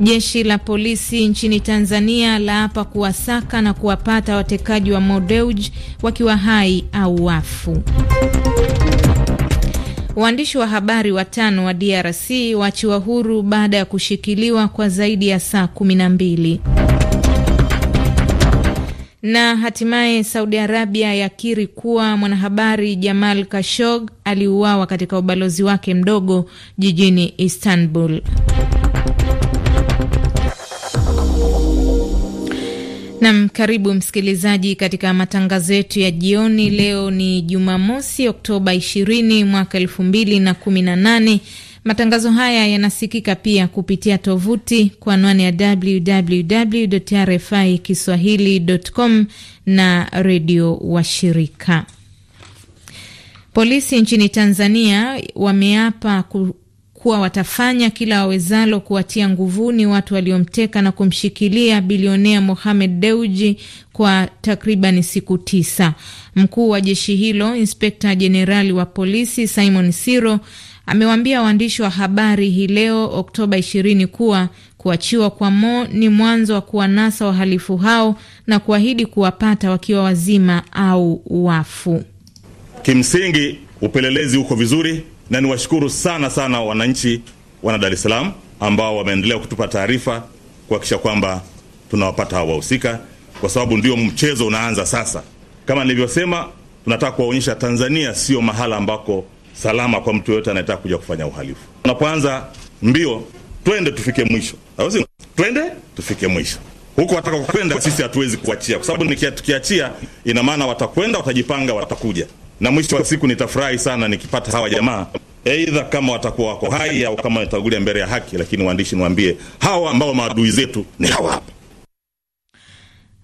Jeshi la polisi nchini Tanzania laapa kuwasaka na kuwapata watekaji wa Modeuj wakiwa hai au wafu. Waandishi wa habari watano wa DRC waachiwa huru baada ya kushikiliwa kwa zaidi ya saa kumi na mbili. Na hatimaye Saudi Arabia yakiri kuwa mwanahabari Jamal Kashog aliuawa katika ubalozi wake mdogo jijini Istanbul. Nam, karibu msikilizaji katika matangazo yetu ya jioni. Leo ni Jumamosi, Oktoba 20 mwaka 2018. Matangazo haya yanasikika pia kupitia tovuti kwa anwani ya www RFI kiswahili.com na redio wa shirika Polisi nchini Tanzania wameapa kuwa watafanya kila wawezalo kuwatia nguvuni watu waliomteka na kumshikilia bilionea Mohamed Deuji kwa takribani siku tisa. Mkuu wa jeshi hilo Inspekta Jenerali wa polisi Simon Siro amewaambia waandishi wa habari hii leo Oktoba 20 kuwa kuachiwa kwa Mo ni mwanzo wa kuwanasa wahalifu hao na kuahidi kuwapata wakiwa wazima au wafu. Kimsingi upelelezi uko vizuri na niwashukuru sana sana wananchi wana Dar es Salaam ambao wameendelea kutupa taarifa kuhakikisha kwamba tunawapata hao wahusika, kwa sababu ndio mchezo unaanza sasa. Kama nilivyosema, tunataka kuwaonyesha Tanzania sio mahala ambako salama kwa mtu yoyote anayetaka kuja kufanya uhalifu. Unapoanza mbio, twende tufike mwisho, hawezi twende tufike mwisho huko wataka sisi hatuwezi kuachia, kwa sababu tukiachia, ina maana watakwenda, watajipanga, watakuja na mwisho wa siku nitafurahi sana nikipata hawa jamaa, aidha kama watakuwa wako hai au kama watagulia mbele ya haki. Lakini waandishi, niwaambie hawa ambao maadui zetu ni hawa hapa.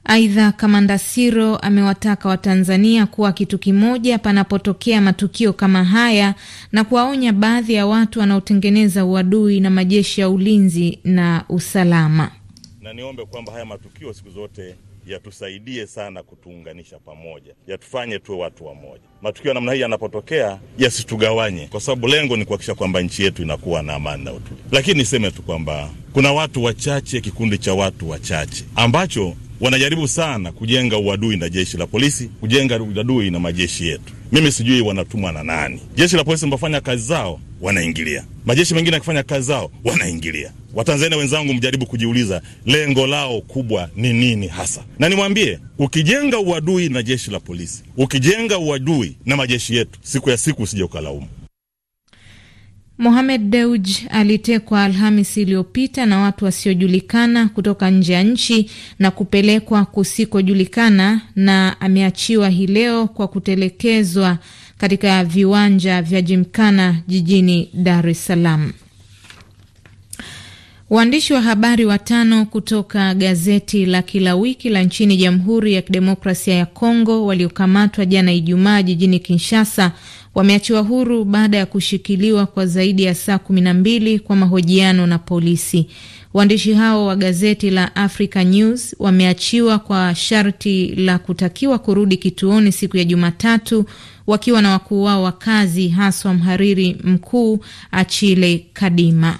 Aidha, kamanda Siro amewataka Watanzania kuwa kitu kimoja panapotokea matukio kama haya na kuwaonya baadhi ya watu wanaotengeneza uadui na majeshi ya ulinzi na usalama. Na niombe kwamba haya matukio siku zote yatusaidie sana kutuunganisha pamoja, yatufanye tuwe watu wamoja. Matukio ya namna hii yanapotokea yasitugawanye, kwa sababu lengo ni kuhakikisha kwamba nchi yetu inakuwa na amani na utulivu. Lakini niseme tu kwamba kuna watu wachache, kikundi cha watu wachache ambacho wanajaribu sana kujenga uadui na jeshi la polisi, kujenga uadui na majeshi yetu. Mimi sijui wanatumwa na nani. Jeshi la polisi mbafanya kazi zao wanaingilia, majeshi mengine akifanya kazi zao wanaingilia. Watanzania wenzangu, mjaribu kujiuliza lengo lao kubwa ni nini hasa, na nimwambie, ukijenga uadui na jeshi la polisi, ukijenga uadui na majeshi yetu, siku ya siku usije ukalaumu. Mohamed Deuj alitekwa alhamis iliyopita na watu wasiojulikana kutoka nje ya nchi na kupelekwa kusikojulikana na ameachiwa hii leo kwa kutelekezwa katika viwanja vya Jimkana jijini Dar es Salaam. Waandishi wa habari watano kutoka gazeti la kila wiki la nchini Jamhuri ya Kidemokrasia ya Kongo waliokamatwa jana Ijumaa jijini Kinshasa wameachiwa huru baada ya kushikiliwa kwa zaidi ya saa kumi na mbili kwa mahojiano na polisi. Waandishi hao wa gazeti la Africa News wameachiwa kwa sharti la kutakiwa kurudi kituoni siku ya Jumatatu wakiwa na wakuu wao wa kazi, haswa mhariri mkuu achile Kadima.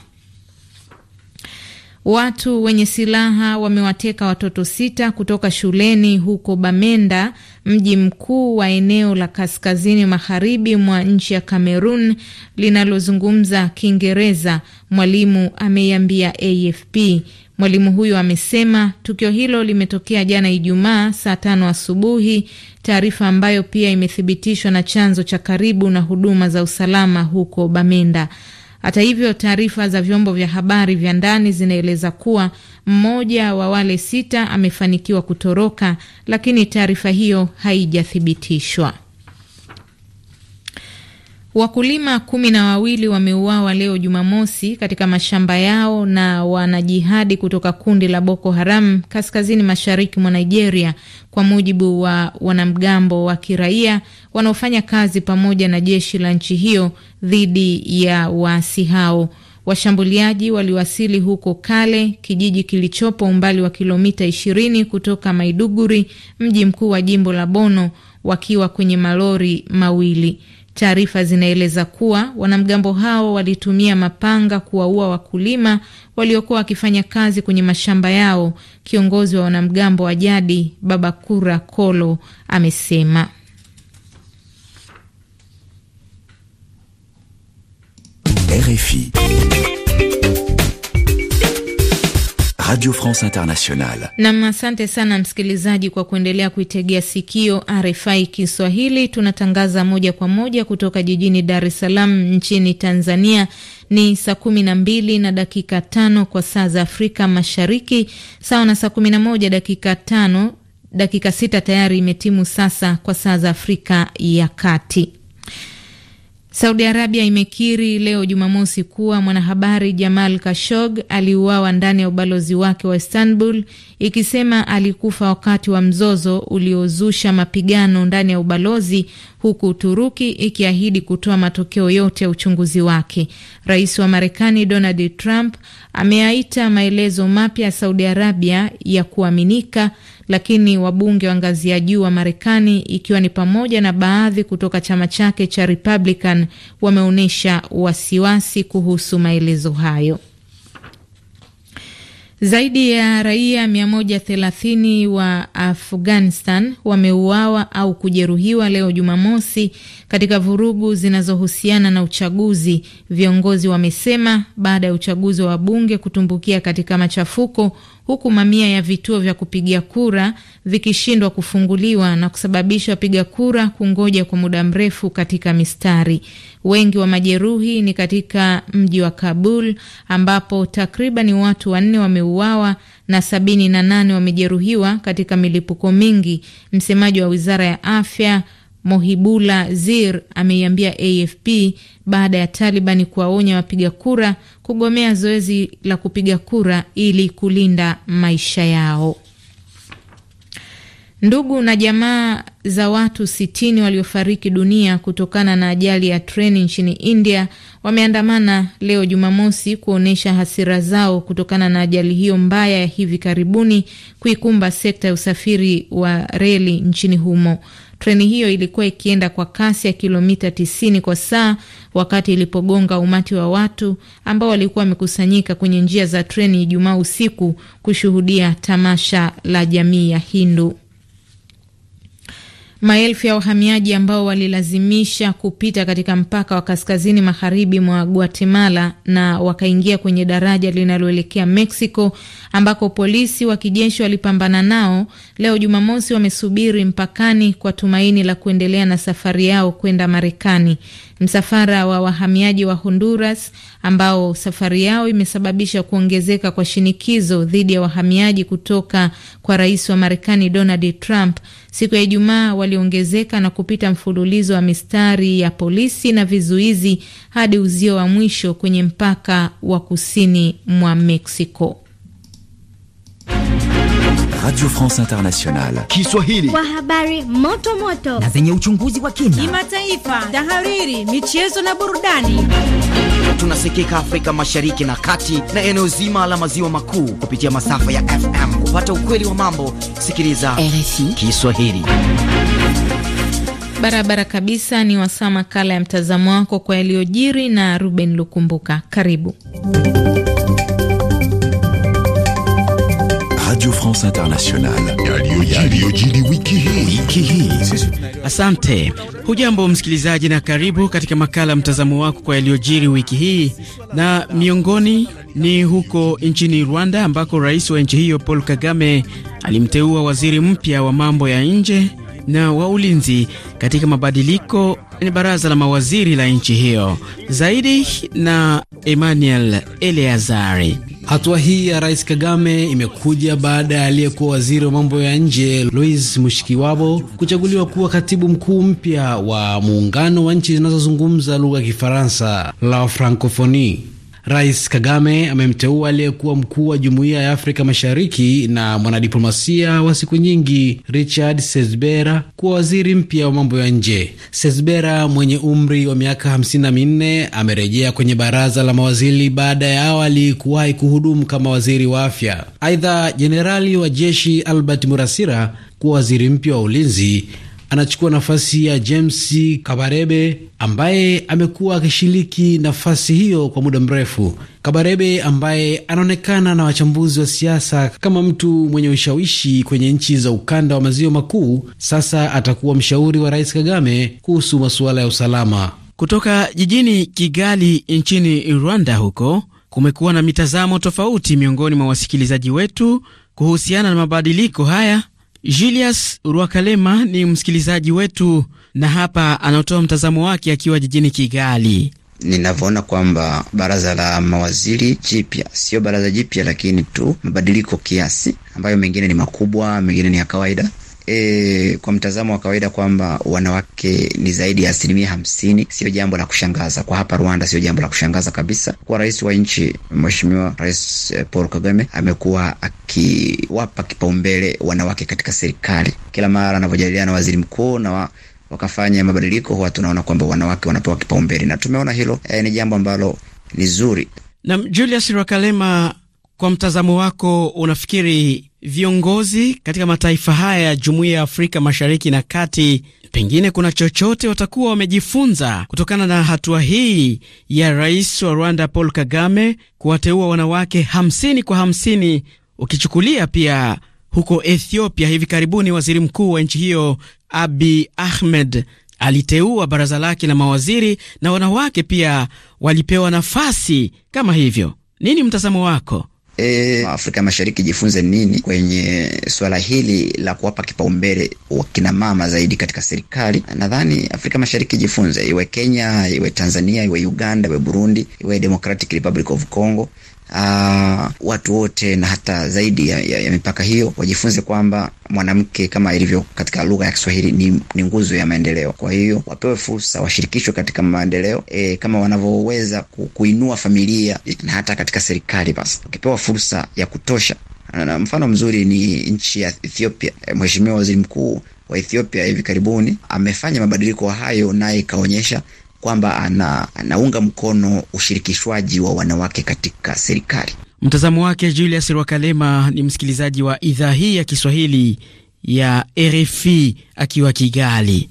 Watu wenye silaha wamewateka watoto sita kutoka shuleni huko Bamenda, mji mkuu wa eneo la kaskazini magharibi mwa nchi ya Kamerun linalozungumza Kiingereza, mwalimu ameiambia AFP. Mwalimu huyo amesema tukio hilo limetokea jana Ijumaa saa tano asubuhi, taarifa ambayo pia imethibitishwa na chanzo cha karibu na huduma za usalama huko Bamenda. Hata hivyo, taarifa za vyombo vya habari vya ndani zinaeleza kuwa mmoja wa wale sita amefanikiwa kutoroka, lakini taarifa hiyo haijathibitishwa. Wakulima kumi na wawili wameuawa leo Jumamosi katika mashamba yao na wanajihadi kutoka kundi la Boko Haram kaskazini mashariki mwa Nigeria, kwa mujibu wa wanamgambo wa kiraia wanaofanya kazi pamoja na jeshi la nchi hiyo dhidi ya waasi hao. Washambuliaji waliwasili huko Kale, kijiji kilichopo umbali wa kilomita 20 kutoka Maiduguri, mji mkuu wa jimbo la Bono, wakiwa kwenye malori mawili. Taarifa zinaeleza kuwa wanamgambo hao walitumia mapanga kuwaua wakulima waliokuwa wakifanya kazi kwenye mashamba yao. Kiongozi wa wanamgambo wa jadi Babakura Kolo amesema. RFI. Radio France Internationale. Nam, asante sana msikilizaji kwa kuendelea kuitegea sikio RFI Kiswahili. Tunatangaza moja kwa moja kutoka jijini Dar es Salaam nchini Tanzania. Ni saa kumi na mbili na dakika tano kwa saa za Afrika Mashariki, sawa na saa kumi na moja dakika tano dakika sita tayari imetimu sasa kwa saa za Afrika ya Kati. Saudi Arabia imekiri leo Jumamosi kuwa mwanahabari Jamal Kashog aliuawa ndani ya ubalozi wake wa Istanbul, ikisema alikufa wakati wa mzozo uliozusha mapigano ndani ya ubalozi, huku Uturuki ikiahidi kutoa matokeo yote ya uchunguzi wake. Rais wa Marekani Donald Trump ameaita maelezo mapya ya Saudi Arabia ya kuaminika lakini wabunge wa ngazi ya juu wa Marekani, ikiwa ni pamoja na baadhi kutoka chama chake cha Republican, wameonyesha wasiwasi kuhusu maelezo hayo. Zaidi ya raia 130 wa Afghanistan wameuawa au kujeruhiwa leo Jumamosi katika vurugu zinazohusiana na uchaguzi, viongozi wamesema baada ya uchaguzi wa bunge kutumbukia katika machafuko huku mamia ya vituo vya kupigia kura vikishindwa kufunguliwa na kusababisha wapiga kura kungoja kwa muda mrefu katika mistari. Wengi wa majeruhi ni katika mji wa Kabul ambapo takriban watu wanne wameuawa na sabini na nane wamejeruhiwa katika milipuko mingi. Msemaji wa wizara ya afya mohibula Zir ameiambia AFP baada ya Talibani kuwaonya wapiga kura kugomea zoezi la kupiga kura ili kulinda maisha yao. Ndugu na jamaa za watu sitini waliofariki dunia kutokana na ajali ya treni nchini India wameandamana leo Jumamosi kuonyesha hasira zao kutokana na ajali hiyo mbaya ya hivi karibuni kuikumba sekta ya usafiri wa reli nchini humo. Treni hiyo ilikuwa ikienda kwa kasi ya kilomita 90 kwa saa wakati ilipogonga umati wa watu ambao walikuwa wamekusanyika kwenye njia za treni Ijumaa usiku kushuhudia tamasha la jamii ya Hindu. Maelfu ya wahamiaji ambao walilazimisha kupita katika mpaka wa kaskazini magharibi mwa Guatemala na wakaingia kwenye daraja linaloelekea Mexico ambako polisi wa kijeshi walipambana nao, leo Jumamosi wamesubiri mpakani kwa tumaini la kuendelea na safari yao kwenda Marekani. Msafara wa wahamiaji wa Honduras ambao safari yao imesababisha kuongezeka kwa shinikizo dhidi ya wahamiaji kutoka kwa rais wa Marekani Donald Trump, siku ya Ijumaa waliongezeka na kupita mfululizo wa mistari ya polisi na vizuizi hadi uzio wa mwisho kwenye mpaka wa kusini mwa Meksiko. Radio France Internationale Kiswahili kwa habari moto moto na zenye uchunguzi wa kina, kimataifa, tahariri, michezo na burudani. Tunasikika Afrika Mashariki na Kati na eneo zima la maziwa makuu kupitia masafa ya FM. Kupata ukweli wa mambo, sikiliza RFI Kiswahili barabara kabisa. Ni wasaa makala ya mtazamo wako kwa yaliyojiri na Ruben Lukumbuka. Karibu Radio France Internationale. wiki Wiki Asante. Hujambo msikilizaji na karibu katika makala mtazamo wako kwa yaliyojiri wiki hii na miongoni ni huko nchini Rwanda ambako rais wa nchi hiyo Paul Kagame alimteua waziri mpya wa mambo ya nje na wa ulinzi katika mabadiliko ni baraza la mawaziri la nchi hiyo. Zaidi na Emmanuel Eleazari. Hatua hii ya Rais Kagame imekuja baada ya aliyekuwa waziri wa mambo ya nje Louis Mushikiwabo kuchaguliwa kuwa katibu mkuu mpya wa muungano wa nchi zinazozungumza lugha ya Kifaransa la Francophonie. Rais Kagame amemteua aliyekuwa mkuu wa jumuiya ya Afrika Mashariki na mwanadiplomasia wa siku nyingi Richard Sesbera kuwa waziri mpya wa mambo ya nje. Sesbera mwenye umri wa miaka 54 minne amerejea kwenye baraza la mawaziri baada ya awali kuwahi kuhudumu kama waziri wa afya. Aidha, jenerali wa jeshi Albert Murasira kuwa waziri mpya wa ulinzi anachukua nafasi ya James Kabarebe ambaye amekuwa akishiriki nafasi hiyo kwa muda mrefu. Kabarebe ambaye anaonekana na wachambuzi wa siasa kama mtu mwenye ushawishi kwenye nchi za ukanda wa maziwa makuu, sasa atakuwa mshauri wa Rais Kagame kuhusu masuala ya usalama. Kutoka jijini Kigali nchini Rwanda, huko kumekuwa na mitazamo tofauti miongoni mwa wasikilizaji wetu kuhusiana na mabadiliko haya Julius Rwakalema ni msikilizaji wetu na hapa anatoa mtazamo wake akiwa jijini Kigali. Ninavyoona kwamba baraza la mawaziri jipya sio baraza jipya, lakini tu mabadiliko kiasi, ambayo mengine ni makubwa, mengine ni ya kawaida e, kwa mtazamo wa kawaida kwamba wanawake ni zaidi ya asilimia hamsini, sio jambo la kushangaza kwa hapa Rwanda, sio jambo la kushangaza kabisa. Kwa rais wa nchi Mheshimiwa Rais eh, Paul Kagame amekuwa akiwapa kipaumbele wanawake katika serikali. Kila mara anavyojadiliana na waziri mkuu na wa, wakafanya mabadiliko, huwa tunaona kwamba wanawake wanapewa kipaumbele na tumeona hilo e, ni jambo ambalo ni zuri. Na Julius Rakalema, kwa mtazamo wako unafikiri Viongozi katika mataifa haya ya Jumuiya ya Afrika Mashariki na Kati, pengine kuna chochote watakuwa wamejifunza kutokana na hatua hii ya Rais wa Rwanda Paul Kagame kuwateua wanawake 50 kwa 50, ukichukulia pia huko Ethiopia hivi karibuni waziri mkuu wa nchi hiyo abi Ahmed aliteua baraza lake na mawaziri na wanawake pia walipewa nafasi kama hivyo. Nini mtazamo wako? E, Afrika Mashariki jifunze nini kwenye swala hili la kuwapa kipaumbele wakina mama zaidi katika serikali? Nadhani Afrika Mashariki jifunze, iwe Kenya, iwe Tanzania, iwe Uganda, iwe Burundi, iwe Democratic Republic of Congo, uh, watu wote na hata zaidi ya, ya, ya mipaka hiyo wajifunze kwamba mwanamke kama ilivyo katika lugha ya Kiswahili ni, ni nguzo ya maendeleo. Kwa hiyo wapewe fursa, washirikishwe katika maendeleo e, kama wanavyoweza kuinua familia na hata katika serikali. Basi wakipewa fursa ya kutosha, na mfano mzuri ni nchi ya Ethiopia. E, Mheshimiwa Waziri Mkuu wa Ethiopia hivi karibuni amefanya mabadiliko hayo, naye ikaonyesha kwamba ana, anaunga mkono ushirikishwaji wa wanawake katika serikali. Mtazamo wake Julius Rwakalema ni msikilizaji wa idhaa hii ya Kiswahili ya RFI akiwa Kigali.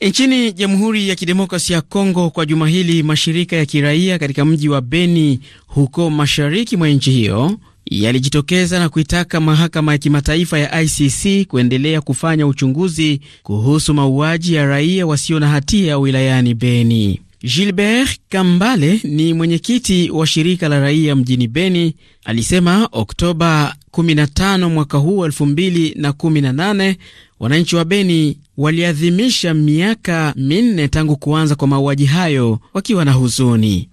Nchini Jamhuri ya Kidemokrasia ya Kongo, kwa juma hili mashirika ya kiraia katika mji wa Beni huko mashariki mwa nchi hiyo yalijitokeza na kuitaka mahakama ya kimataifa ya ICC kuendelea kufanya uchunguzi kuhusu mauaji ya raia wasio na hatia wilayani Beni. Gilbert Kambale ni mwenyekiti wa shirika la raia mjini Beni, alisema Oktoba 15 mwaka huu 2018 Wananchi wa Beni waliadhimisha miaka minne tangu kuanza kwa mauaji hayo wakiwa na huzuni.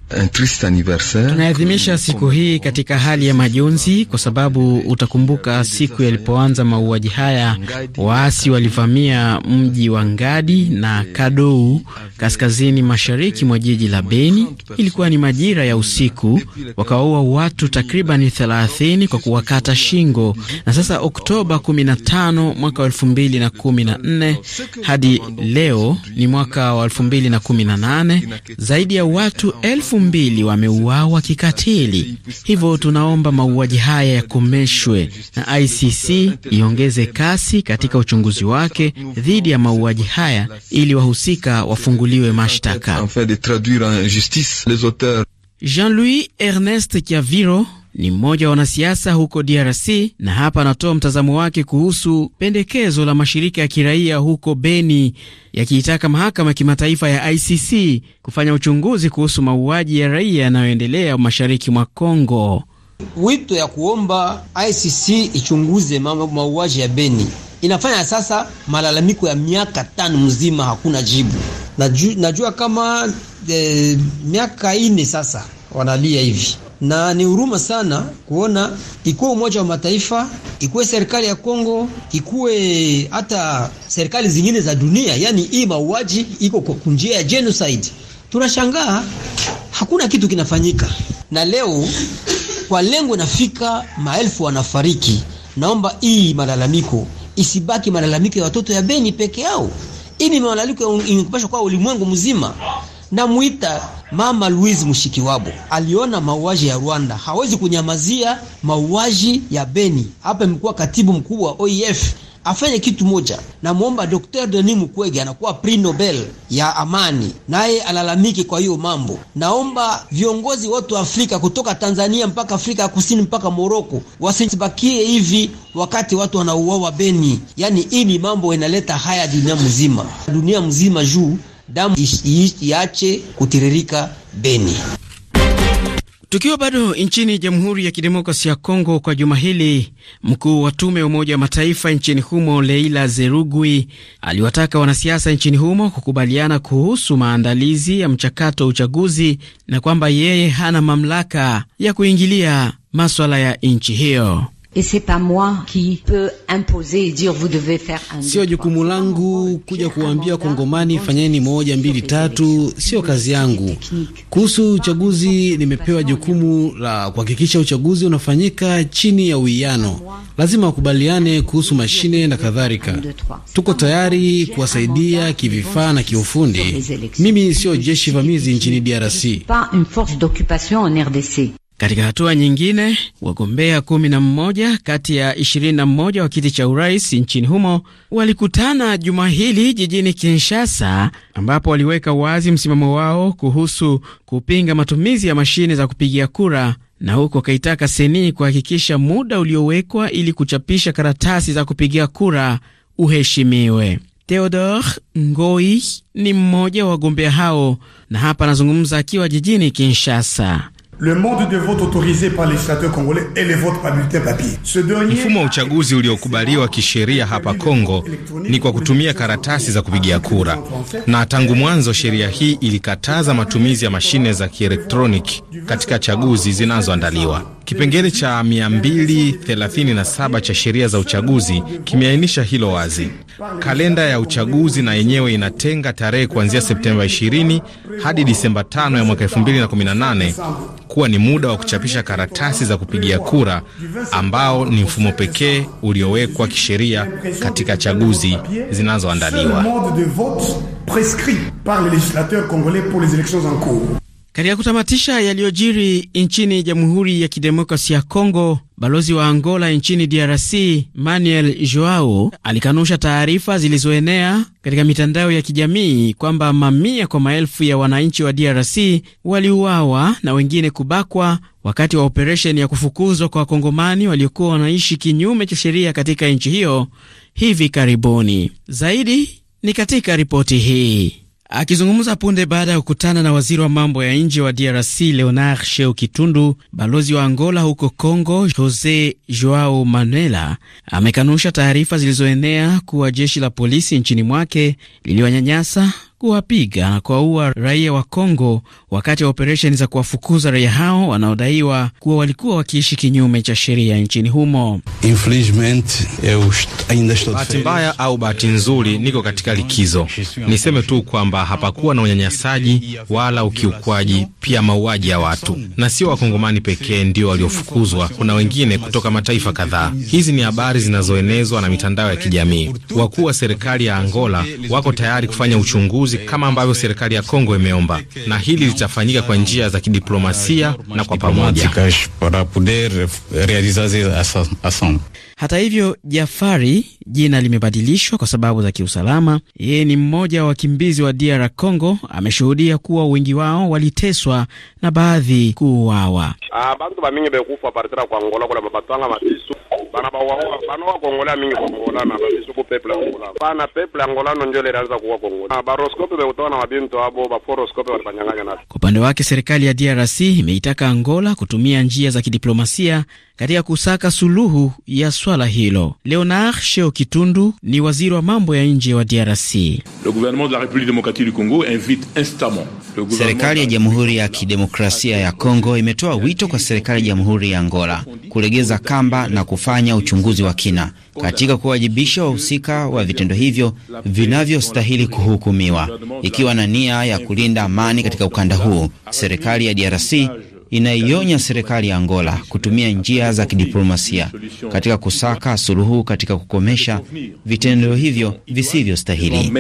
Tunaadhimisha siku hii katika hali ya majonzi, kwa sababu utakumbuka siku yalipoanza mauaji haya, waasi walivamia mji wa Ngadi na Kadou kaskazini mashariki mwa jiji la Beni. Ilikuwa ni majira ya usiku, wakawaua watu takribani 30 kwa kuwakata shingo, na sasa Oktoba 15 mwaka nne hadi leo ni mwaka wa nane zaidi ya watu elfu mbili wameuawa kikatili. Hivyo tunaomba mauaji haya yakomeshwe na ICC iongeze kasi katika uchunguzi wake dhidi ya mauaji haya ili wahusika wafunguliwe mashtaka. Jean-Louis Ernest Kiaviro ni mmoja wa wanasiasa huko DRC na hapa anatoa mtazamo wake kuhusu pendekezo la mashirika ya kiraia huko Beni yakiitaka mahakama ya kimataifa ya ICC kufanya uchunguzi kuhusu mauaji ya raia yanayoendelea mashariki mwa Kongo. Wito ya kuomba ICC ichunguze mauaji ya Beni inafanya sasa malalamiko ya miaka tano mzima hakuna jibu. Najua, najua kama de, eh, miaka ine sasa wanalia hivi na ni huruma sana kuona ikuwe Umoja wa Mataifa, ikuwe serikali ya Kongo, ikuwe hata serikali zingine za dunia, yani hii mauaji iko kwa njia ya genocide. Tunashangaa hakuna kitu kinafanyika, na leo kwa lengo nafika maelfu wanafariki. Naomba hii malalamiko isibaki malalamiko ya watoto ya Beni peke yao. Hii ni malalamiko inakupasha kwa ulimwengu mzima, na muita Mama Louise Mushikiwabo aliona mauaji ya Rwanda, hawezi kunyamazia mauaji ya Beni. Hapa imekuwa katibu mkuu wa OIF afanye kitu moja. Namwomba Dr. Denis Mukwege anakuwa Prix Nobel ya amani, naye alalamiki kwa hiyo mambo. Naomba viongozi wote wa Afrika kutoka Tanzania mpaka Afrika ya Kusini mpaka Moroko wasibakie hivi wakati watu wanauawa Beni. yani hii ni mambo inaleta haya dunia mzima, dunia mzima juu damu iache kutiririka Beni. Tukiwa bado nchini Jamhuri ya kidemokrasi ya Kongo, kwa juma hili mkuu wa tume ya Umoja wa Mataifa nchini humo Leila Zerugui aliwataka wanasiasa nchini humo kukubaliana kuhusu maandalizi ya mchakato wa uchaguzi na kwamba yeye hana mamlaka ya kuingilia maswala ya nchi hiyo. Et c'est pas moi qui peut imposer et dire vous devez faire un. Sio jukumu langu kuja kuambia Kongomani fanyeni moja mbili tatu, sio kazi yangu. Kuhusu uchaguzi, nimepewa jukumu la kuhakikisha uchaguzi unafanyika chini ya uwiano, lazima wakubaliane kuhusu mashine na kadhalika. Tuko tayari kuwasaidia kivifaa na kiufundi. Mimi sio jeshi vamizi nchini DRC. Katika hatua nyingine, wagombea 11 kati ya 21 wa kiti cha urais nchini humo walikutana juma hili jijini Kinshasa, ambapo waliweka wazi msimamo wao kuhusu kupinga matumizi ya mashine za kupigia kura na huku wakaitaka seni kuhakikisha muda uliowekwa ili kuchapisha karatasi za kupigia kura uheshimiwe. Theodore Ngoi ni mmoja wa wagombea hao, na hapa anazungumza akiwa jijini Kinshasa. Le mode de vote autorisé par legislateur congolais est le vote par bulletin papier. Mfumo wa uchaguzi uliokubaliwa kisheria hapa Kongo ni kwa kutumia karatasi za kupigia kura, na tangu mwanzo sheria hii ilikataza matumizi ya mashine za kielektroniki katika chaguzi zinazoandaliwa. Kipengele cha 237 cha sheria za uchaguzi kimeainisha hilo wazi. Kalenda ya uchaguzi na yenyewe inatenga tarehe kuanzia Septemba 20 hadi Disemba 5 ya mwaka 2018 kuwa ni muda wa kuchapisha karatasi za kupigia kura, ambao ni mfumo pekee uliowekwa kisheria katika chaguzi zinazoandaliwa. Katika kutamatisha yaliyojiri nchini Jamhuri ya Kidemokrasi ya Kongo, balozi wa Angola nchini DRC Manuel Joao alikanusha taarifa zilizoenea katika mitandao ya kijamii kwamba mamia kwa maelfu ya wananchi wa DRC waliuawa na wengine kubakwa wakati wa operesheni ya kufukuzwa kwa wakongomani waliokuwa wanaishi kinyume cha sheria katika nchi hiyo hivi karibuni. Zaidi ni katika ripoti hii. Akizungumza punde baada ya kukutana na waziri wa mambo ya nje wa DRC Leonard Sheu Kitundu, balozi wa Angola huko Congo Jose Joao Manuela amekanusha taarifa zilizoenea kuwa jeshi la polisi nchini mwake liliwanyanyasa kuwapiga na kuwaua raia wa Kongo wakati wa operesheni za kuwafukuza raia hao wanaodaiwa kuwa walikuwa wakiishi kinyume cha sheria nchini humo. Bahati mbaya au bahati nzuri, niko katika likizo. Niseme tu kwamba hapakuwa na unyanyasaji wala ukiukwaji, pia mauaji ya watu, na sio wakongomani pekee ndio waliofukuzwa, kuna wengine kutoka mataifa kadhaa. Hizi ni habari zinazoenezwa na mitandao ya kijamii. Wakuu wa serikali ya Angola wako tayari kufanya uchunguzi uchaguzi kama ambavyo serikali ya Kongo imeomba, na hili litafanyika kwa njia za kidiplomasia na kwa pamoja. Hata hivyo, Jafari jina limebadilishwa kwa sababu za kiusalama. Yeye ni mmoja wa wakimbizi wa DR Congo, ameshuhudia kuwa wengi wao waliteswa na baadhi kuuawa. Ah, bana mingi bana mabinto abo Kwa upande wake serikali ya DRC imeitaka Angola kutumia njia za kidiplomasia katika kusaka suluhu ya swala hilo. Leonard Sheo Kitundu ni waziri wa mambo ya nje wa DRC. Le gouvernement de la République démocratique du Congo invite instamment Serikali ya Jamhuri ya Kidemokrasia ya Kongo imetoa wito kwa serikali ya Jamhuri ya Angola kulegeza kamba na kufanya uchunguzi wa kina katika kuwajibisha wahusika wa vitendo hivyo vinavyostahili kuhukumiwa, ikiwa na nia ya kulinda amani katika ukanda huu. Serikali ya DRC inaionya serikali ya Angola kutumia njia za kidiplomasia katika kusaka suluhu katika kukomesha vitendo hivyo visivyostahili.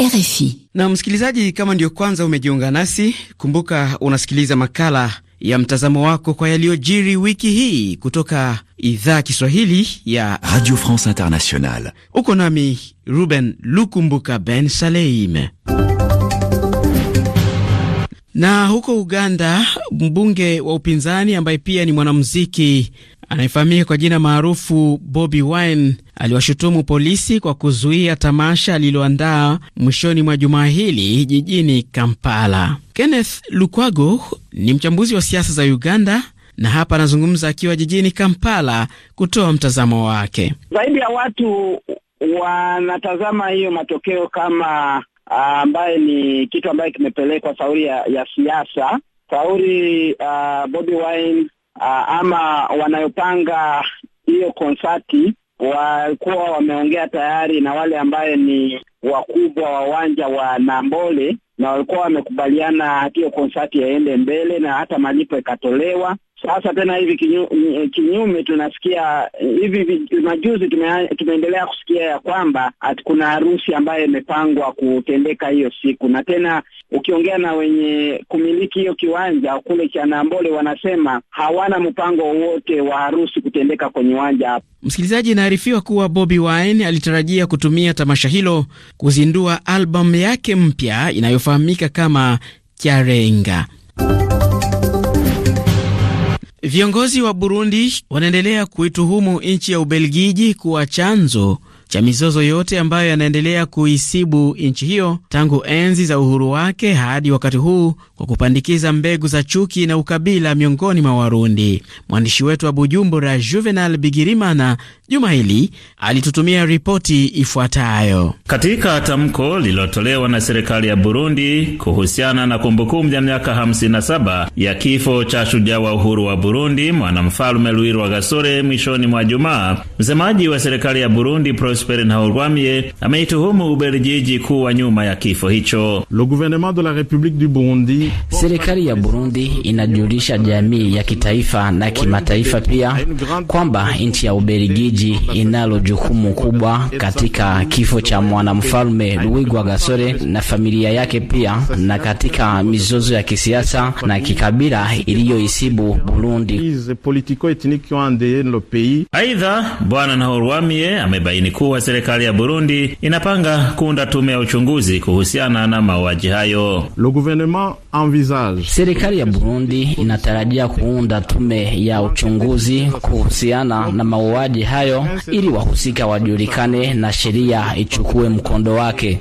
RFI. Na msikilizaji, kama ndiyo kwanza umejiunga nasi, kumbuka unasikiliza makala ya mtazamo wako kwa yaliyojiri wiki hii kutoka idhaa Kiswahili ya Radio France Internationale. Uko nami Ruben Lukumbuka Ben Saleim. Na huko Uganda, mbunge wa upinzani ambaye pia ni mwanamuziki anayefahamika kwa jina maarufu Bobi Wine aliwashutumu polisi kwa kuzuia tamasha lililoandaa mwishoni mwa jumaa hili jijini Kampala. Kenneth Lukwago ni mchambuzi wa siasa za Uganda na hapa anazungumza akiwa jijini Kampala kutoa mtazamo wake. Zaidi ya watu wanatazama hiyo matokeo kama ah, ambaye ni kitu ambaye kimepelekwa sauri ya, ya siasa sauri. Uh, Bobi Wine Ah, ama wanayopanga hiyo konsati walikuwa wameongea tayari na wale ambaye ni wakubwa wa uwanja wa Nambole na walikuwa wamekubaliana hiyo konsati yaende mbele na hata malipo ikatolewa, sasa tena hivi kinyu, kinyume tunasikia hivi majuzi tume, tumeendelea kusikia ya kwamba kuna harusi ambayo imepangwa kutendeka hiyo siku, na tena ukiongea na wenye kumiliki hiyo kiwanja kule cha Nambole wanasema hawana mpango wowote wa harusi kutendeka kwenye uwanja hapo. Msikilizaji, inaarifiwa kuwa Bobi Wine alitarajia kutumia tamasha hilo kuzindua albamu yake mpya inayofahamika kama Charenga. Viongozi wa Burundi wanaendelea kuituhumu nchi ya Ubelgiji kuwa chanzo cha mizozo yote ambayo yanaendelea kuisibu nchi hiyo tangu enzi za uhuru wake hadi wakati huu kwa kupandikiza mbegu za chuki na ukabila miongoni mwa Warundi. Mwandishi wetu wa Bujumbura, Juvenal Bigirimana, juma hili alitutumia ripoti ifuatayo. Katika tamko lililotolewa na serikali ya Burundi kuhusiana na kumbukumbu ya miaka 57 ya kifo cha shujaa wa uhuru wa Burundi mwanamfalume Rwagasore mwishoni mwa Jumaa, msemaji wa serikali ya Burundi Prof. Prosper Ntahorwamiye ameituhumu Ubelgiji kuwa nyuma ya kifo hicho. Le gouvernement de la Republique du Burundi, serikali ya Burundi inajulisha jamii ya kitaifa na kimataifa pia kwamba nchi ya Ubelgiji inalo jukumu kubwa katika kifo cha mwanamfalme Rwigwa Gasore na familia yake pia na katika mizozo ya kisiasa na kikabila iliyoisibu Burundi. Aidha, Bwana Ntahorwamiye amebaini kuwa mkuu wa serikali ya Burundi inapanga kuunda tume ya uchunguzi kuhusiana na mauaji hayo. Serikali ya Burundi inatarajia kuunda tume ya uchunguzi kuhusiana na mauaji hayo ili wahusika wajulikane na sheria ichukue mkondo wake.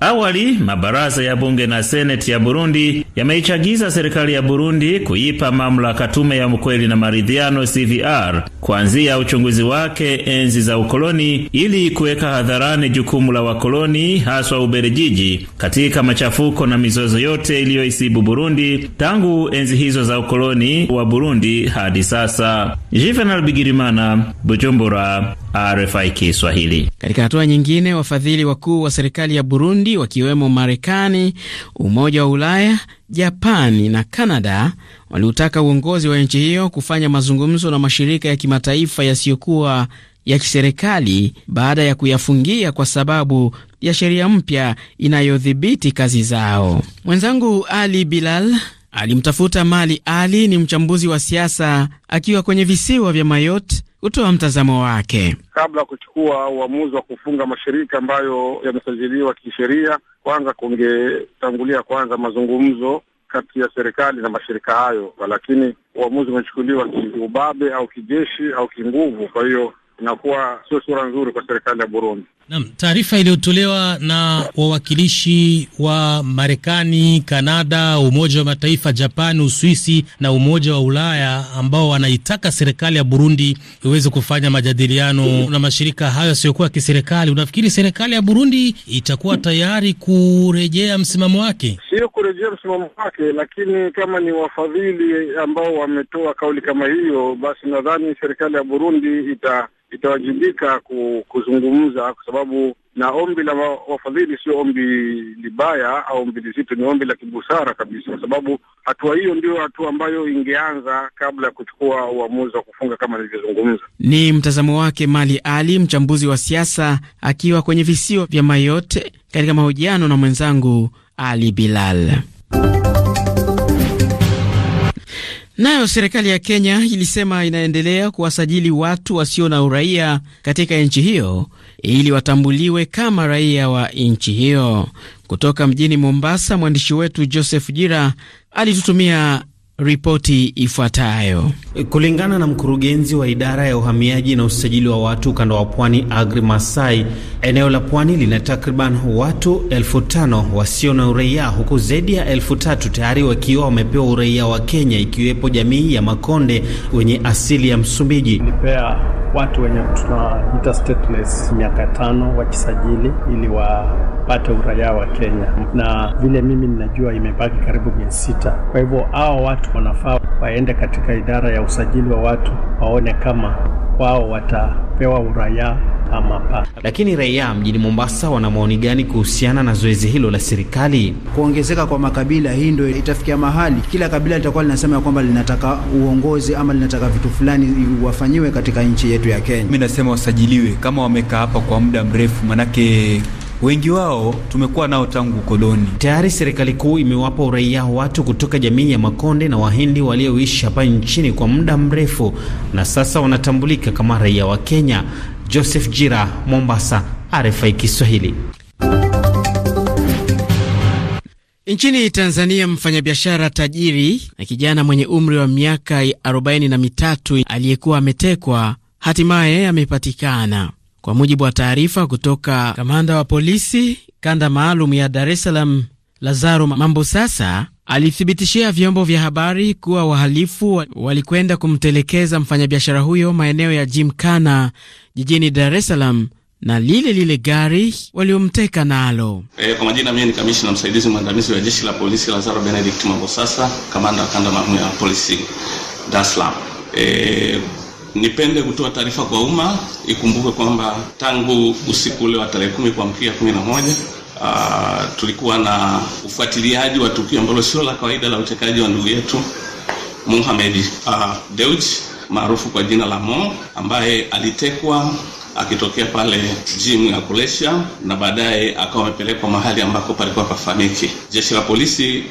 Awali mabaraza ya bunge na seneti ya Burundi yameichagiza serikali ya Burundi kuipa mamlaka tume ya ukweli na maridhiano CVR kuanzia uchunguzi wake enzi enzi za ukoloni ili kuweka hadharani jukumu la wakoloni haswa Ubelgiji katika machafuko na mizozo yote iliyoisibu Burundi tangu enzi hizo za ukoloni wa Burundi hadi sasa. Juvenal Bigirimana, Bujumbura, RFI Kiswahili. Katika hatua nyingine, wafadhili wakuu wa serikali ya Burundi wakiwemo Marekani, Umoja wa Ulaya, Japani na Kanada waliutaka uongozi wa nchi hiyo kufanya mazungumzo na mashirika ya kimataifa yasiyokuwa ya kiserikali baada ya kuyafungia kwa sababu ya sheria mpya inayodhibiti kazi zao. Mwenzangu Ali Bilal alimtafuta Mali Ali, ni mchambuzi wa siasa akiwa kwenye visiwa vya Mayotte kutoa mtazamo wake kabla ya kuchukua uamuzi wa kufunga mashirika ambayo yamesajiliwa kisheria. Kwanza kungetangulia kwanza mazungumzo kati ya serikali na mashirika hayo, lakini uamuzi umechukuliwa kiubabe au kijeshi au kinguvu. Kwa hiyo inakuwa sio sura nzuri kwa serikali ya Burundi. Naam, taarifa iliyotolewa na wawakilishi wa Marekani, Kanada, Umoja wa Mataifa, Japani, Uswisi na Umoja wa Ulaya ambao wanaitaka serikali ya Burundi iweze kufanya majadiliano na mashirika hayo yasiyokuwa kiserikali. Unafikiri serikali ya Burundi itakuwa tayari kurejea msimamo wake? Sio kurejea msimamo wake, lakini kama ni wafadhili ambao wametoa kauli kama hiyo, basi nadhani serikali ya Burundi ita itawajibika kuzungumza sababu na ombi la wafadhili sio ombi libaya au ombi lizito, ni ombi la kibusara kabisa, kwa sababu hatua hiyo ndio hatua ambayo ingeanza kabla ya kuchukua uamuzi wa kufunga kama nilivyozungumza. Ni mtazamo wake Mali Ali, mchambuzi wa siasa, akiwa kwenye visio vya Mayotte katika mahojiano na mwenzangu Ali Bilal. Nayo serikali ya Kenya ilisema inaendelea kuwasajili watu wasio na uraia katika nchi hiyo ili watambuliwe kama raia wa nchi hiyo. Kutoka mjini Mombasa, mwandishi wetu Joseph Jira alitutumia ripoti ifuatayo. Kulingana na mkurugenzi wa idara ya uhamiaji na usajili wa watu ukanda wa pwani Agri Masai, eneo la pwani lina takriban watu elfu tano wasio na uraia, huku zaidi ya elfu tatu tayari wakiwa wamepewa uraia wa Kenya, ikiwepo jamii ya Makonde wenye asili ya Msumbiji. Nipea watu wenye tunaita stateless miaka tano wakisajili ili wapate uraia wa Kenya, na vile mimi ninajua imebaki karibu mia sita. Kwa hivyo hao watu watu wanafaa waende katika idara ya usajili wa watu waone kama wao watapewa uraia ama pa. Lakini raia mjini Mombasa wana maoni gani kuhusiana na zoezi hilo la serikali? Kuongezeka kwa makabila, hii ndio itafikia mahali kila kabila litakuwa linasema ya kwamba linataka uongozi ama linataka vitu fulani wafanyiwe katika nchi yetu ya Kenya. Mimi nasema wasajiliwe kama wamekaa hapa kwa muda mrefu, manake Wengi wao tumekuwa nao tangu ukoloni. Tayari serikali kuu imewapa uraia watu kutoka jamii ya Makonde na Wahindi walioishi hapa nchini kwa muda mrefu na sasa wanatambulika kama raia wa Kenya. Joseph Jira, Mombasa, RFI Kiswahili. Nchini Tanzania, mfanyabiashara tajiri na kijana mwenye umri wa miaka 43 aliyekuwa ametekwa hatimaye amepatikana. Kwa mujibu wa taarifa kutoka kamanda wa polisi kanda maalum ya Dar es Salaam Lazaro Mambosasa alithibitishia vyombo vya habari kuwa wahalifu walikwenda kumtelekeza mfanyabiashara huyo maeneo ya Jimkana jijini Dar es Salaam na lile lile gari waliomteka nalo. E, kwa majina mimi ni kamishna msaidizi mwandamizi wa jeshi la polisi Lazaro Benedict Mambosasa, kamanda wa kanda maalum ya polisi Dar es Salaam. E, Nipende kutoa taarifa kwa umma. Ikumbukwe kwamba tangu usiku ule wa tarehe kumi kuamkia kumi na moja uh, tulikuwa na ufuatiliaji wa tukio ambalo sio la kawaida la utekaji wa ndugu yetu Mohamed uh, ah, Deuji maarufu kwa jina la Mo ambaye alitekwa akitokea pale gym ya Kulesha na baadaye akawa amepelekwa mahali ambako palikuwa pafaniki Jeshi la polisi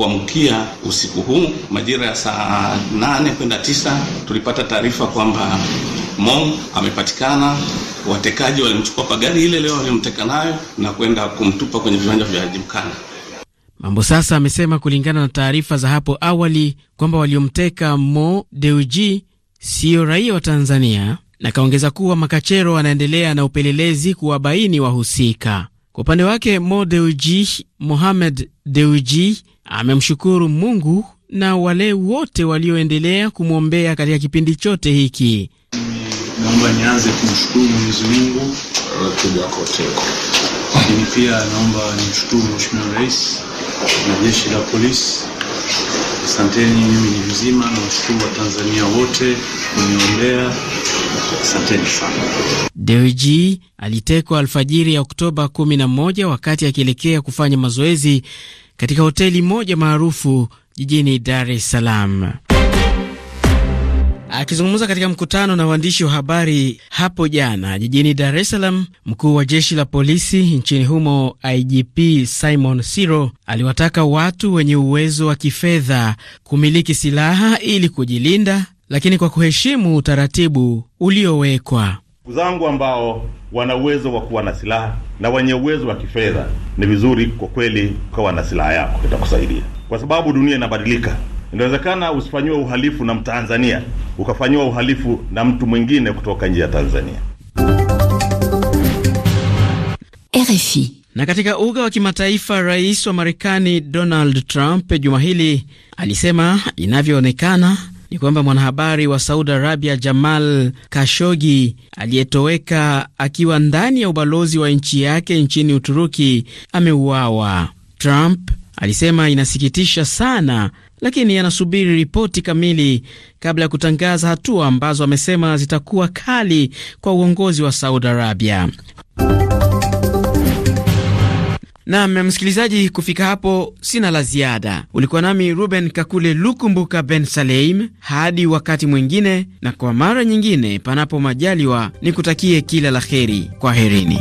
kuamkia usiku huu majira ya saa nane kwenda tisa tulipata taarifa kwamba Mom amepatikana. Watekaji walimchukua kwa gari ile leo waliomteka nayo na kwenda kumtupa kwenye viwanja vya Jimkana. Mambo sasa amesema kulingana na taarifa za hapo awali kwamba waliomteka Mo Deuji siyo raia wa Tanzania, na kaongeza kuwa makachero anaendelea na upelelezi kuwabaini wahusika. Kwa upande wake Mo Deuji Mohamed deuji amemshukuru Mungu na wale wote walioendelea kumwombea katika kipindi chote hiki. Naomba nianze kumshukuru Mwenyezi Mungu lakini pia naomba nimshukuru Mheshimiwa Rais na jeshi la polisi Asanteni, mimi ni mzima na washukuru Watanzania wote kuniombea. Asanteni sana. Dewji alitekwa alfajiri ya Oktoba 11 wakati akielekea kufanya mazoezi katika hoteli moja maarufu jijini Dar es Salaam. Akizungumza katika mkutano na waandishi wa habari hapo jana jijini Dar es Salaam, mkuu wa jeshi la polisi nchini humo IGP Simon Siro aliwataka watu wenye uwezo wa kifedha kumiliki silaha ili kujilinda, lakini kwa kuheshimu utaratibu uliowekwa. zangu ambao wana uwezo wa kuwa na silaha na wenye uwezo wa kifedha, ni vizuri kwa kweli ukawa na silaha yako, itakusaidia kwa sababu dunia inabadilika. Inawezekana usifanyiwe uhalifu na Mtanzania ukafanyiwa uhalifu na mtu mwingine kutoka nje ya Tanzania. RFI. Na katika uga wa kimataifa, rais wa Marekani Donald Trump juma hili alisema inavyoonekana ni kwamba mwanahabari wa Saudi Arabia Jamal Kashogi aliyetoweka akiwa ndani ya ubalozi wa nchi yake nchini Uturuki ameuawa. Trump alisema inasikitisha sana lakini anasubiri ripoti kamili kabla ya kutangaza hatua ambazo amesema zitakuwa kali kwa uongozi wa Saudi Arabia. Nam msikilizaji, kufika hapo sina la ziada. Ulikuwa nami Ruben Kakule Lukumbuka Ben Saleim, hadi wakati mwingine, na kwa mara nyingine, panapo majaliwa, ni kutakie kila la heri. herini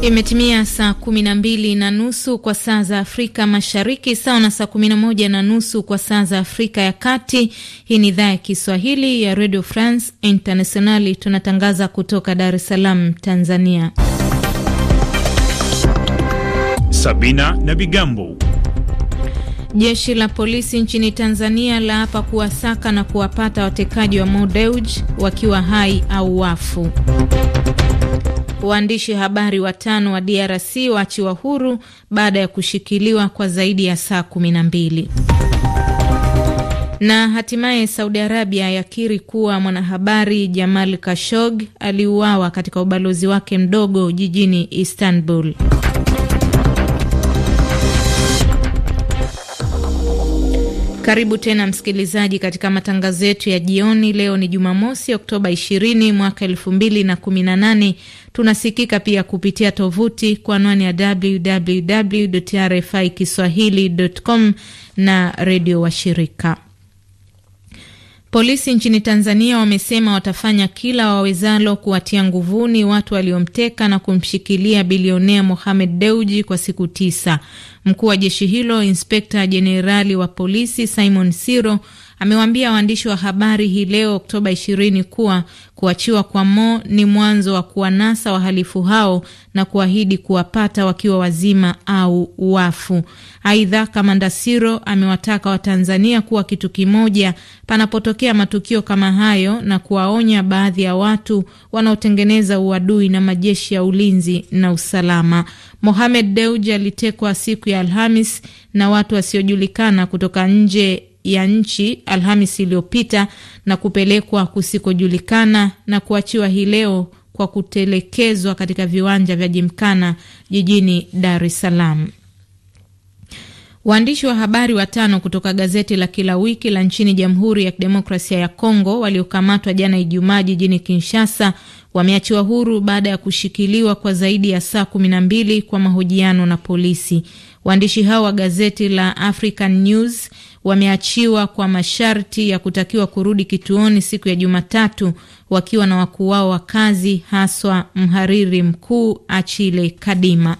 Imetimia saa kumi na mbili na nusu kwa saa za Afrika Mashariki, sawa na saa kumi na moja na nusu kwa saa za Afrika ya Kati. Hii ni idhaa ya Kiswahili ya Radio France Internationali, tunatangaza kutoka Dar es Salaam, Tanzania. Sabina na Bigambo. Jeshi la polisi nchini Tanzania laapa kuwasaka na kuwapata watekaji wa Modeuj wakiwa hai au wafu. Waandishi habari watano wa DRC waachiwa huru baada ya kushikiliwa kwa zaidi ya saa kumi na mbili. Na hatimaye Saudi Arabia yakiri kuwa mwanahabari Jamal kashog aliuawa katika ubalozi wake mdogo jijini Istanbul. Karibu tena msikilizaji, katika matangazo yetu ya jioni. Leo ni Jumamosi, Oktoba 20 mwaka 2018. Tunasikika pia kupitia tovuti kwa anwani ya www RFI kiswahili.com na redio washirika Polisi nchini Tanzania wamesema watafanya kila wawezalo kuwatia nguvuni watu waliomteka na kumshikilia bilionea Mohamed Deuji kwa siku tisa. Mkuu wa jeshi hilo, inspekta jenerali wa polisi Simon Siro amewaambia waandishi wa habari hii leo Oktoba 20 kuwa kuachiwa kwa Mo ni mwanzo wa kuwanasa wahalifu hao na kuahidi kuwapata wakiwa wazima au wafu. Aidha, kamanda Siro amewataka Watanzania kuwa kitu kimoja panapotokea matukio kama hayo na kuwaonya baadhi ya watu wanaotengeneza uadui na majeshi ya ulinzi na usalama. Mohamed Deuji alitekwa siku ya Alhamis na watu wasiojulikana kutoka nje ya nchi Alhamis iliyopita na kupelekwa kusikojulikana na kuachiwa hii leo kwa kutelekezwa katika viwanja vya Jimkana jijini Dar es Salaam. Waandishi wa habari watano kutoka gazeti la kila wiki la nchini Jamhuri ya Kidemokrasia ya Kongo waliokamatwa jana Ijumaa jijini Kinshasa wameachiwa huru baada ya kushikiliwa kwa zaidi ya saa kumi na mbili kwa mahojiano na polisi. Waandishi hao wa gazeti la African News wameachiwa kwa masharti ya kutakiwa kurudi kituoni siku ya Jumatatu wakiwa na wakuu wao wa kazi, haswa mhariri mkuu achile Kadima.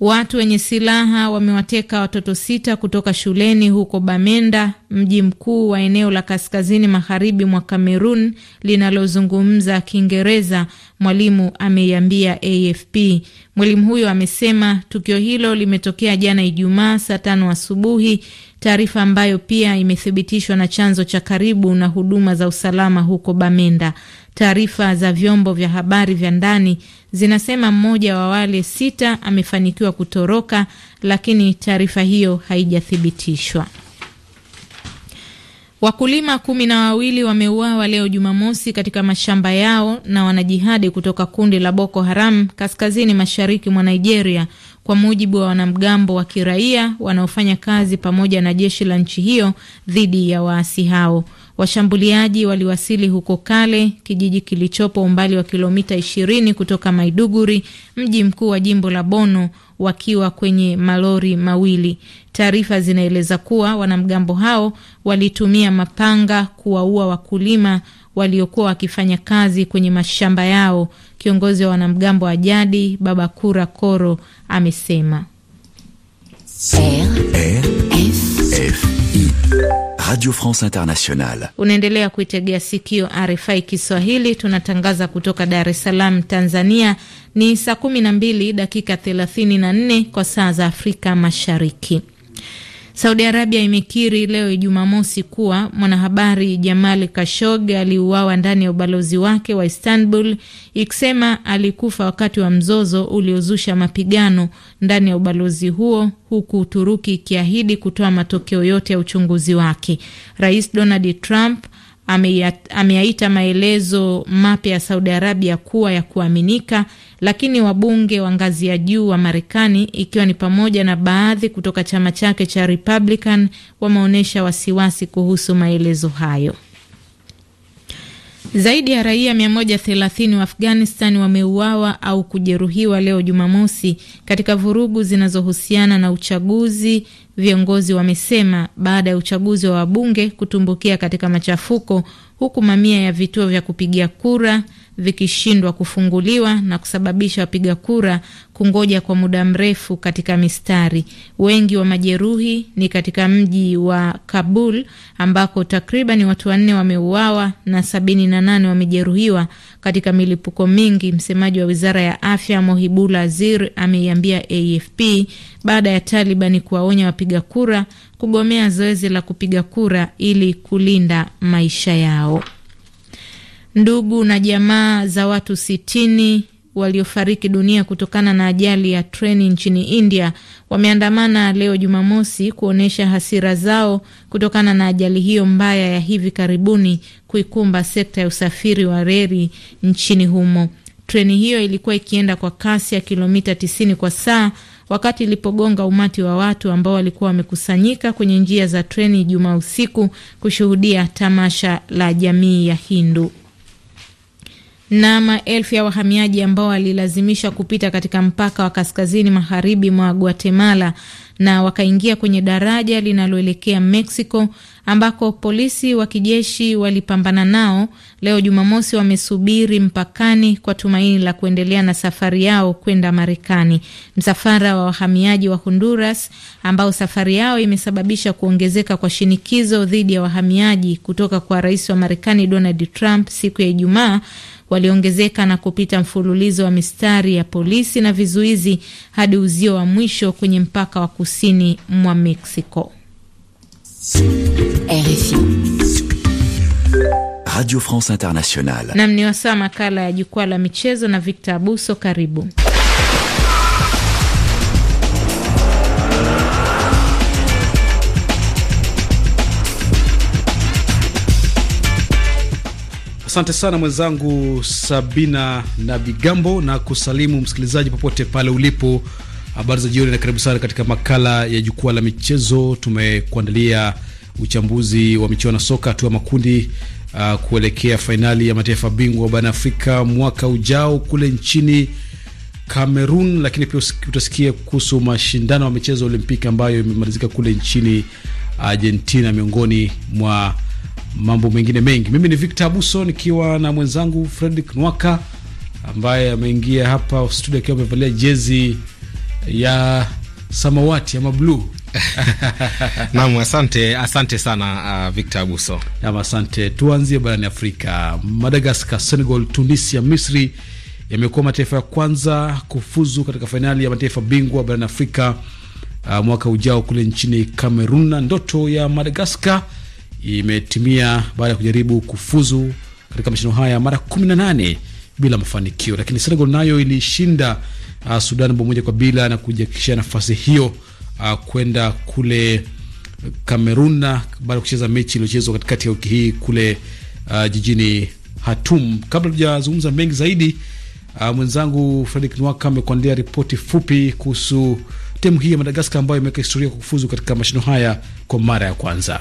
Watu wenye silaha wamewateka watoto sita kutoka shuleni huko Bamenda, mji mkuu wa eneo la kaskazini magharibi mwa Kamerun linalozungumza Kiingereza, mwalimu ameiambia AFP. Mwalimu huyo amesema tukio hilo limetokea jana Ijumaa saa tano asubuhi taarifa ambayo pia imethibitishwa na chanzo cha karibu na huduma za usalama huko Bamenda. Taarifa za vyombo vya habari vya ndani zinasema mmoja wa wale sita amefanikiwa kutoroka, lakini taarifa hiyo haijathibitishwa. Wakulima kumi na wawili wameuawa leo Jumamosi katika mashamba yao na wanajihadi kutoka kundi la Boko Haram kaskazini mashariki mwa Nigeria kwa mujibu wa wanamgambo wa kiraia wanaofanya kazi pamoja na jeshi la nchi hiyo dhidi ya waasi hao. Washambuliaji waliwasili huko Kale, kijiji kilichopo umbali wa kilomita 20 kutoka Maiduguri, mji mkuu wa jimbo la Bono, wakiwa kwenye malori mawili. Taarifa zinaeleza kuwa wanamgambo hao walitumia mapanga kuwaua wakulima waliokuwa wakifanya kazi kwenye mashamba yao Kiongozi wa wanamgambo wa jadi Baba Kura Koro amesema Radio France Internationale. Unaendelea kuitegea sikio RFI Kiswahili, tunatangaza kutoka Dar es Salaam, Tanzania. Ni saa 12 dakika 34 kwa saa za Afrika Mashariki. Saudi Arabia imekiri leo Jumamosi kuwa mwanahabari Jamal kashog aliuawa ndani ya ubalozi wake wa Istanbul, ikisema alikufa wakati wa mzozo uliozusha mapigano ndani ya ubalozi huo, huku Uturuki ikiahidi kutoa matokeo yote ya uchunguzi wake. Rais Donald Trump ameyaita maelezo mapya ya Saudi Arabia kuwa ya kuaminika lakini wabunge wa ngazi ya juu wa Marekani, ikiwa ni pamoja na baadhi kutoka chama chake cha Republican, wameonyesha wasiwasi kuhusu maelezo hayo. Zaidi ya raia 130 wa Afghanistan wameuawa au kujeruhiwa leo Jumamosi katika vurugu zinazohusiana na uchaguzi, viongozi wamesema, baada ya uchaguzi wa wabunge kutumbukia katika machafuko, huku mamia ya vituo vya kupigia kura vikishindwa kufunguliwa na kusababisha wapiga kura kungoja kwa muda mrefu katika mistari. Wengi wa majeruhi ni katika mji wa Kabul ambako takriban watu wanne wameuawa na sabini na nane wamejeruhiwa katika milipuko mingi. Msemaji wa wizara ya afya Mohibul Azir ameiambia AFP baada ya Taliban kuwaonya wapiga kura kugomea zoezi la kupiga kura ili kulinda maisha yao ndugu na jamaa za watu sitini waliofariki dunia kutokana na ajali ya treni nchini India wameandamana leo Jumamosi kuonyesha hasira zao kutokana na ajali hiyo mbaya ya hivi karibuni kuikumba sekta ya usafiri wa reli nchini humo. Treni hiyo ilikuwa ikienda kwa kasi ya kilomita 90 kwa saa wakati ilipogonga umati wa watu ambao walikuwa wamekusanyika kwenye njia za treni jumaa usiku kushuhudia tamasha la jamii ya Hindu na maelfu ya wahamiaji ambao walilazimisha kupita katika mpaka wa kaskazini magharibi mwa Guatemala na wakaingia kwenye daraja linaloelekea Mexico ambako polisi wa kijeshi walipambana nao leo Jumamosi, wamesubiri mpakani kwa tumaini la kuendelea na safari yao kwenda Marekani. Msafara wa wahamiaji wa Honduras ambao safari yao imesababisha kuongezeka kwa shinikizo dhidi ya wahamiaji kutoka kwa rais wa Marekani Donald Trump siku ya Ijumaa waliongezeka na kupita mfululizo wa mistari ya polisi na vizuizi hadi uzio wa mwisho kwenye mpaka wa kusini mwa Mexico. RFI Radio France Internationale. Nam ni wasaa makala ya jukwaa la michezo na Victor Abuso, karibu. Asante sana mwenzangu Sabina na Vigambo, na kusalimu msikilizaji popote pale ulipo. Habari za jioni na karibu sana katika makala ya jukwaa la michezo. Tumekuandalia uchambuzi wa michuano ya soka hatua makundi uh, kuelekea fainali ya mataifa bingwa barani Afrika mwaka ujao kule nchini Cameroon, lakini pia utasikia kuhusu mashindano ya michezo ya Olimpiki ambayo imemalizika kule nchini Argentina miongoni mwa mambo mengine mengi. Mimi ni Victor Abuso nikiwa na mwenzangu Fredrick Nwaka ambaye ameingia hapa studio akiwa amevalia jezi ya samawati ama bluu. Naam, asante, asante sana uh, Victor Abuso. Naam, asante. Tuanzie barani Afrika. Madagascar, Senegal, Tunisia, Misri yamekuwa mataifa ya kwanza kufuzu katika fainali ya mataifa bingwa barani Afrika uh, mwaka ujao kule nchini Kamerun, na ndoto ya Madagascar imetimia baada ya kujaribu kufuzu katika mashindano haya mara 18 bila mafanikio, lakini Senegal nayo ilishinda uh, Sudan bao moja kwa bila na kujiakikishia nafasi hiyo uh, kwenda kule Kamerun baada ya kucheza mechi iliyochezwa katikati ya wiki hii kule uh, jijini Hatum. Kabla tujazungumza mengi zaidi, uh, mwenzangu Fredrick Nwaka amekuandia ripoti fupi kuhusu timu hii ya Madagaskar ambayo imeweka historia kwa kufuzu katika mashindano haya kwa mara ya kwanza.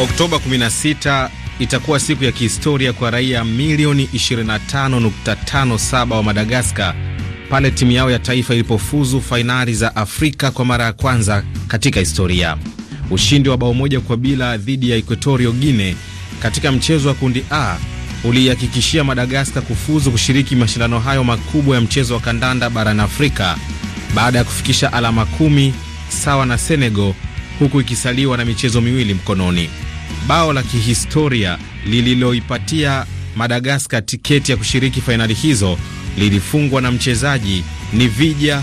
Oktoba 16 itakuwa siku ya kihistoria kwa raia milioni 25.57 wa Madagaskar pale timu yao ya taifa ilipofuzu fainali za Afrika kwa mara ya kwanza katika historia. Ushindi wa bao moja kwa bila dhidi ya Equatorio Guine katika mchezo wa kundi A uliihakikishia Madagaskar kufuzu kushiriki mashindano hayo makubwa ya mchezo wa kandanda barani Afrika baada ya kufikisha alama kumi sawa na Senegal, huku ikisaliwa na michezo miwili mkononi bao la kihistoria lililoipatia Madagaskar tiketi ya kushiriki fainali hizo lilifungwa na mchezaji Nivija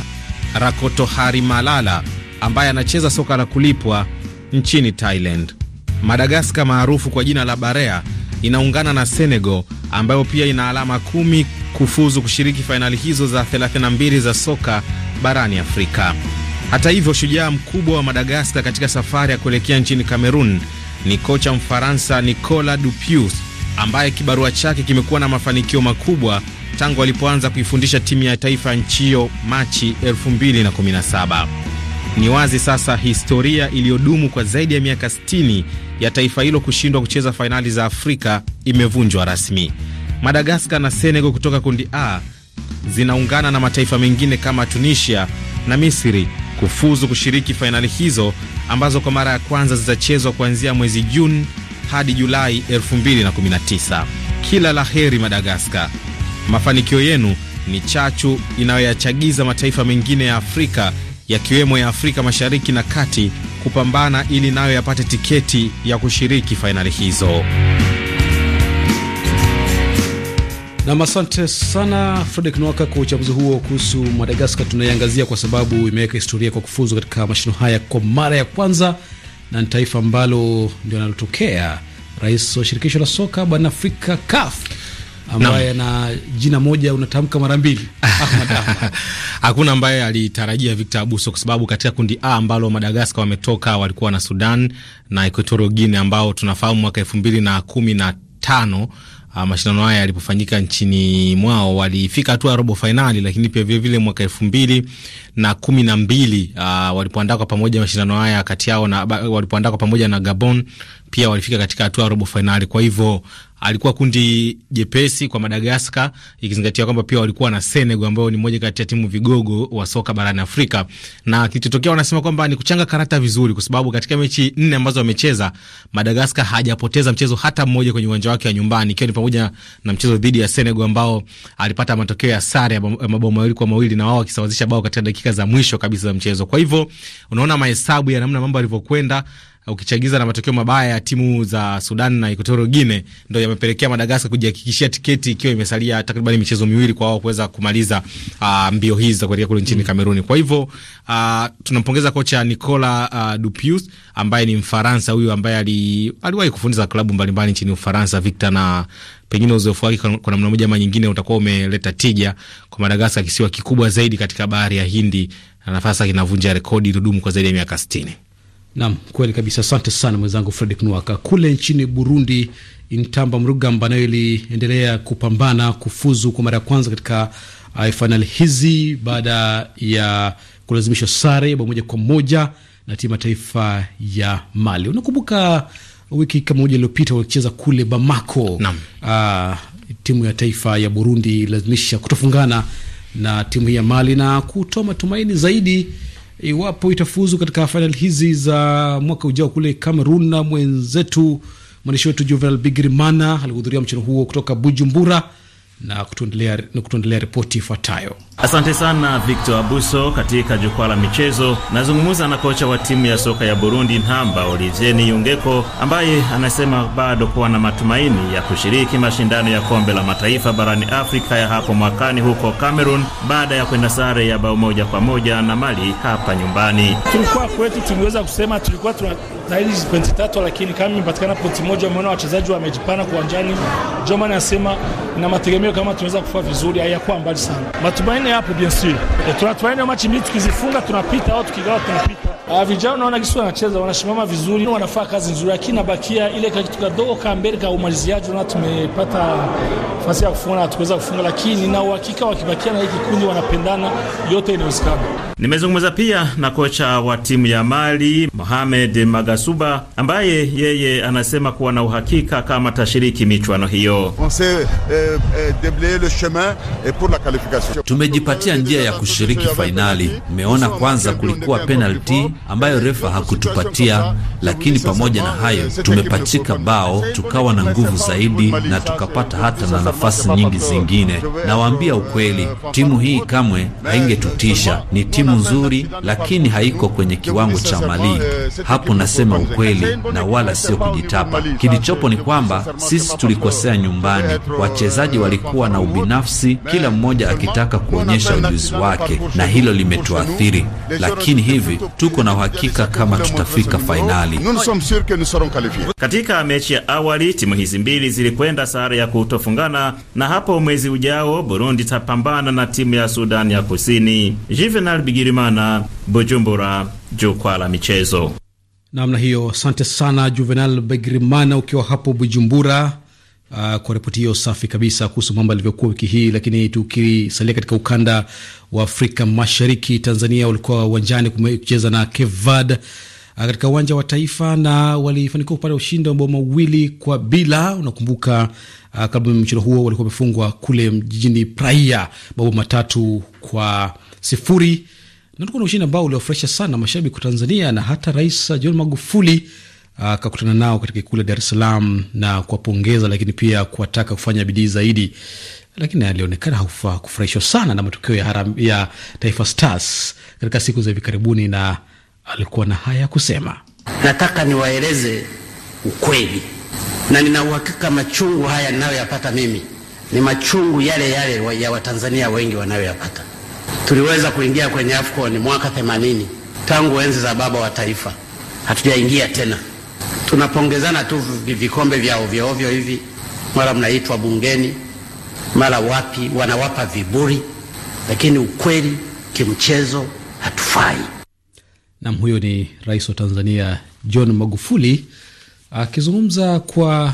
Rakotoharimalala ambaye anacheza soka la kulipwa nchini Thailand. Madagaskar maarufu kwa jina la Barea inaungana na Senegal ambayo pia ina alama kumi kufuzu kushiriki fainali hizo za 32 za soka barani Afrika. Hata hivyo, shujaa mkubwa wa Madagaskar katika safari ya kuelekea nchini Kamerun ni kocha Mfaransa Nicolas Dupuis ambaye kibarua chake kimekuwa na mafanikio makubwa tangu alipoanza kuifundisha timu ya taifa ya nchi hiyo Machi 2017. Ni wazi sasa historia iliyodumu kwa zaidi ya miaka 60 ya taifa hilo kushindwa kucheza fainali za Afrika imevunjwa rasmi. Madagaskar na Senegal kutoka kundi A zinaungana na mataifa mengine kama Tunisia na Misri kufuzu kushiriki fainali hizo ambazo kwa mara ya kwanza zitachezwa kuanzia mwezi Juni hadi Julai 2019. Kila la heri Madagaskar, mafanikio yenu ni chachu inayoyachagiza mataifa mengine ya Afrika yakiwemo ya Afrika Mashariki na Kati kupambana ili nayo yapate tiketi ya kushiriki fainali hizo. Nam, asante sana Fredrik Nwaka kwa uchambuzi huo kuhusu Madagaskar. Tunaiangazia kwa sababu imeweka historia kwa kufuzu katika mashindano haya kwa mara ya kwanza, na ni taifa ambalo ndio analotokea rais wa shirikisho la soka barani Afrika, CAF, ambaye no. na jina moja unatamka mara mbili hakuna ambaye alitarajia Victor Abuso, kwa sababu katika kundi A ambalo Madagaskar wametoka walikuwa na Sudan na Equatorial Guinea ambao tunafahamu mwaka elfu mbili na kumi na tano Ah, mashindano haya yalipofanyika nchini mwao walifika hatua ya robo fainali, lakini pia vile vile mwaka elfu mbili na kumi na mbili uh, ah, walipoandaa kwa pamoja mashindano haya kati yao na walipoandaa kwa pamoja na Gabon pia walifika katika hatua ya robo fainali. Kwa hivyo alikuwa kundi jepesi kwa Madagaskar, ikizingatia kwamba pia walikuwa na Senegal ambayo ni moja kati ya timu vigogo wa soka barani Afrika. Na kilichotokea wanasema kwamba ni kuchanga karata vizuri, kwa sababu katika mechi nne ambazo wamecheza, Madagaskar hajapoteza mchezo hata mmoja kwenye uwanja wake wa nyumbani, ikiwa ni pamoja na mchezo dhidi ya Senegal ambao alipata matokeo ya sare ya mabao mawili kwa mawili na wao wakisawazisha bao katika dakika za mwisho kabisa za mchezo. Kwa hivyo unaona mahesabu ya namna mambo yalivyokwenda ukichagiza na matokeo mabaya ya timu za Sudan na Equatorial Guinea ndo yamepelekea Madagaskar kujihakikishia tiketi ikiwa imesalia takriban michezo miwili kwa wao kuweza kumaliza uh, mbio hizi za kuelekea kule nchini mm. Kameruni. Kwa hivyo uh, tunampongeza kocha Nicola uh, ah, Dupius ambaye ni Mfaransa huyu ambaye ali, aliwahi kufundisha klabu mbalimbali nchini Ufaransa Victor na pengine uzoefu wake kwa namna moja ama nyingine utakuwa umeleta tija kwa Madagaskar, kisiwa kikubwa zaidi katika bahari ya Hindi, na nafasi inavunja rekodi iliyodumu kwa zaidi ya miaka sitini. Naam, kweli kabisa. Asante sana mwenzangu Fredrick Nwaka. Kule nchini Burundi, Intamba Mrugamba nayo iliendelea kupambana kufuzu kwa mara ya kwanza katika uh, fainali hizi baada ya kulazimishwa sare ya bao moja kwa moja na timu ya taifa ya Mali. Unakumbuka wiki kama moja iliyopita wakicheza kule Bamako, uh, timu ya taifa ya Burundi ililazimisha kutofungana na timu hii ya Mali na kutoa matumaini zaidi iwapo itafuzu katika fainali hizi za mwaka ujao kule Kamerun. Na mwenzetu mwandishi wetu Juvenal Bigirimana alihudhuria mchezo huo kutoka Bujumbura na kutuendelea ripoti ifuatayo. Asante sana Victor Abuso. Katika jukwaa la michezo, nazungumza na kocha wa timu ya soka ya Burundi Ntamba, Olijeni Yungeko, ambaye anasema bado kuwa na matumaini ya kushiriki mashindano ya kombe la mataifa barani Afrika ya hapo mwakani huko Cameroon, baada ya kwenda sare ya bao moja kwa moja na Mali hapa nyumbani. Tulikuwa kwetu, tuliweza kusema tulikuwa tuna na hizi pointi tatu, lakini kama imepatikana pointi moja, umeona wachezaji wamejipana kuanjani. Ndio maana nasema na mategemeo kama tunaweza kufua vizuri, hayakuwa mbali sana, matumaini yapo bien sur. E, tunatumaini machi mbili tukizifunga tunapita, au tukigawa tunapita. Ah, Vijana naona gisi wanacheza wanashimama vizuri, wanafaa kazi nzuri, lakini nabakia ile kitu kadogo ka mbele ka umaliziaji, na tumepata nafasi ya kufunga na tuweza kufunga, lakini na uhakika wakibakia na hiki kikundi wanapendana, yote inawezekana. Nimezungumza pia na kocha wa timu ya Mali Mohamed Magasuba ambaye yeye anasema kuwa na uhakika kama tashiriki michuano hiyo. Euh, euh, Tumejipatia njia ya kushiriki fainali. Nimeona kwanza kulikuwa penalti ambayo refa hakutupatia, lakini pamoja na hayo tumepachika bao, tukawa na nguvu zaidi na tukapata hata na nafasi nyingi zingine. Nawaambia ukweli, timu hii kamwe haingetutisha. Ni timu timu nzuri, lakini haiko kwenye kiwango cha Mali. Hapo nasema ukweli na wala sio kujitapa. Kilichopo ni kwamba sisi tulikosea nyumbani, wachezaji walikuwa na ubinafsi, kila mmoja akitaka kuonyesha ujuzi wake, na hilo limetuathiri. Lakini hivi tuko na uhakika kama tutafika fainali. Katika mechi ya awali timu hizi mbili zilikwenda sare ya kutofungana, na hapo mwezi ujao Burundi itapambana na timu ya Sudani ya Kusini. Juvenal Bigirimana, Bujumbura, jukwaa la michezo. Namna hiyo, asante sana Juvenal Bigirimana ukiwa hapo Bujumbura. Uh, kwa ripoti hiyo safi kabisa kuhusu mambo yalivyokuwa wiki hii. Lakini tukisalia katika ukanda wa Afrika Mashariki, Tanzania walikuwa uwanjani kucheza na Kevad uh, katika uwanja wa Taifa na walifanikiwa kupata ushindi wa mabao mawili kwa bila. Unakumbuka uh, kabla mchezo huo walikuwa wamefungwa kule jijini Praia mabao matatu kwa sifuri na tulikuwa na ushindi ambao uliwafurahisha sana mashabiki wa Tanzania na hata Rais John Magufuli ah, akakutana nao katika ikulu ya Dar es Salaam na kuwapongeza, lakini pia kuwataka kufanya bidii zaidi, lakini alionekana haufaa kufurahishwa sana na matokeo ya, ya Taifa Stars katika siku za hivi karibuni, na alikuwa na haya ya kusema: nataka niwaeleze ukweli na nina uhakika machungu haya ninayoyapata mimi ni machungu yale yale ya Watanzania wengi wanayoyapata Tuliweza kuingia kwenye AFCON mwaka 80 tangu enzi za baba wa taifa, hatujaingia tena. Tunapongezana tu vikombe vya ovyo ovyo hivi, mara mnaitwa bungeni, mara wapi, wanawapa viburi, lakini ukweli kimchezo hatufai. Nam, huyo ni rais wa Tanzania John Magufuli akizungumza kwa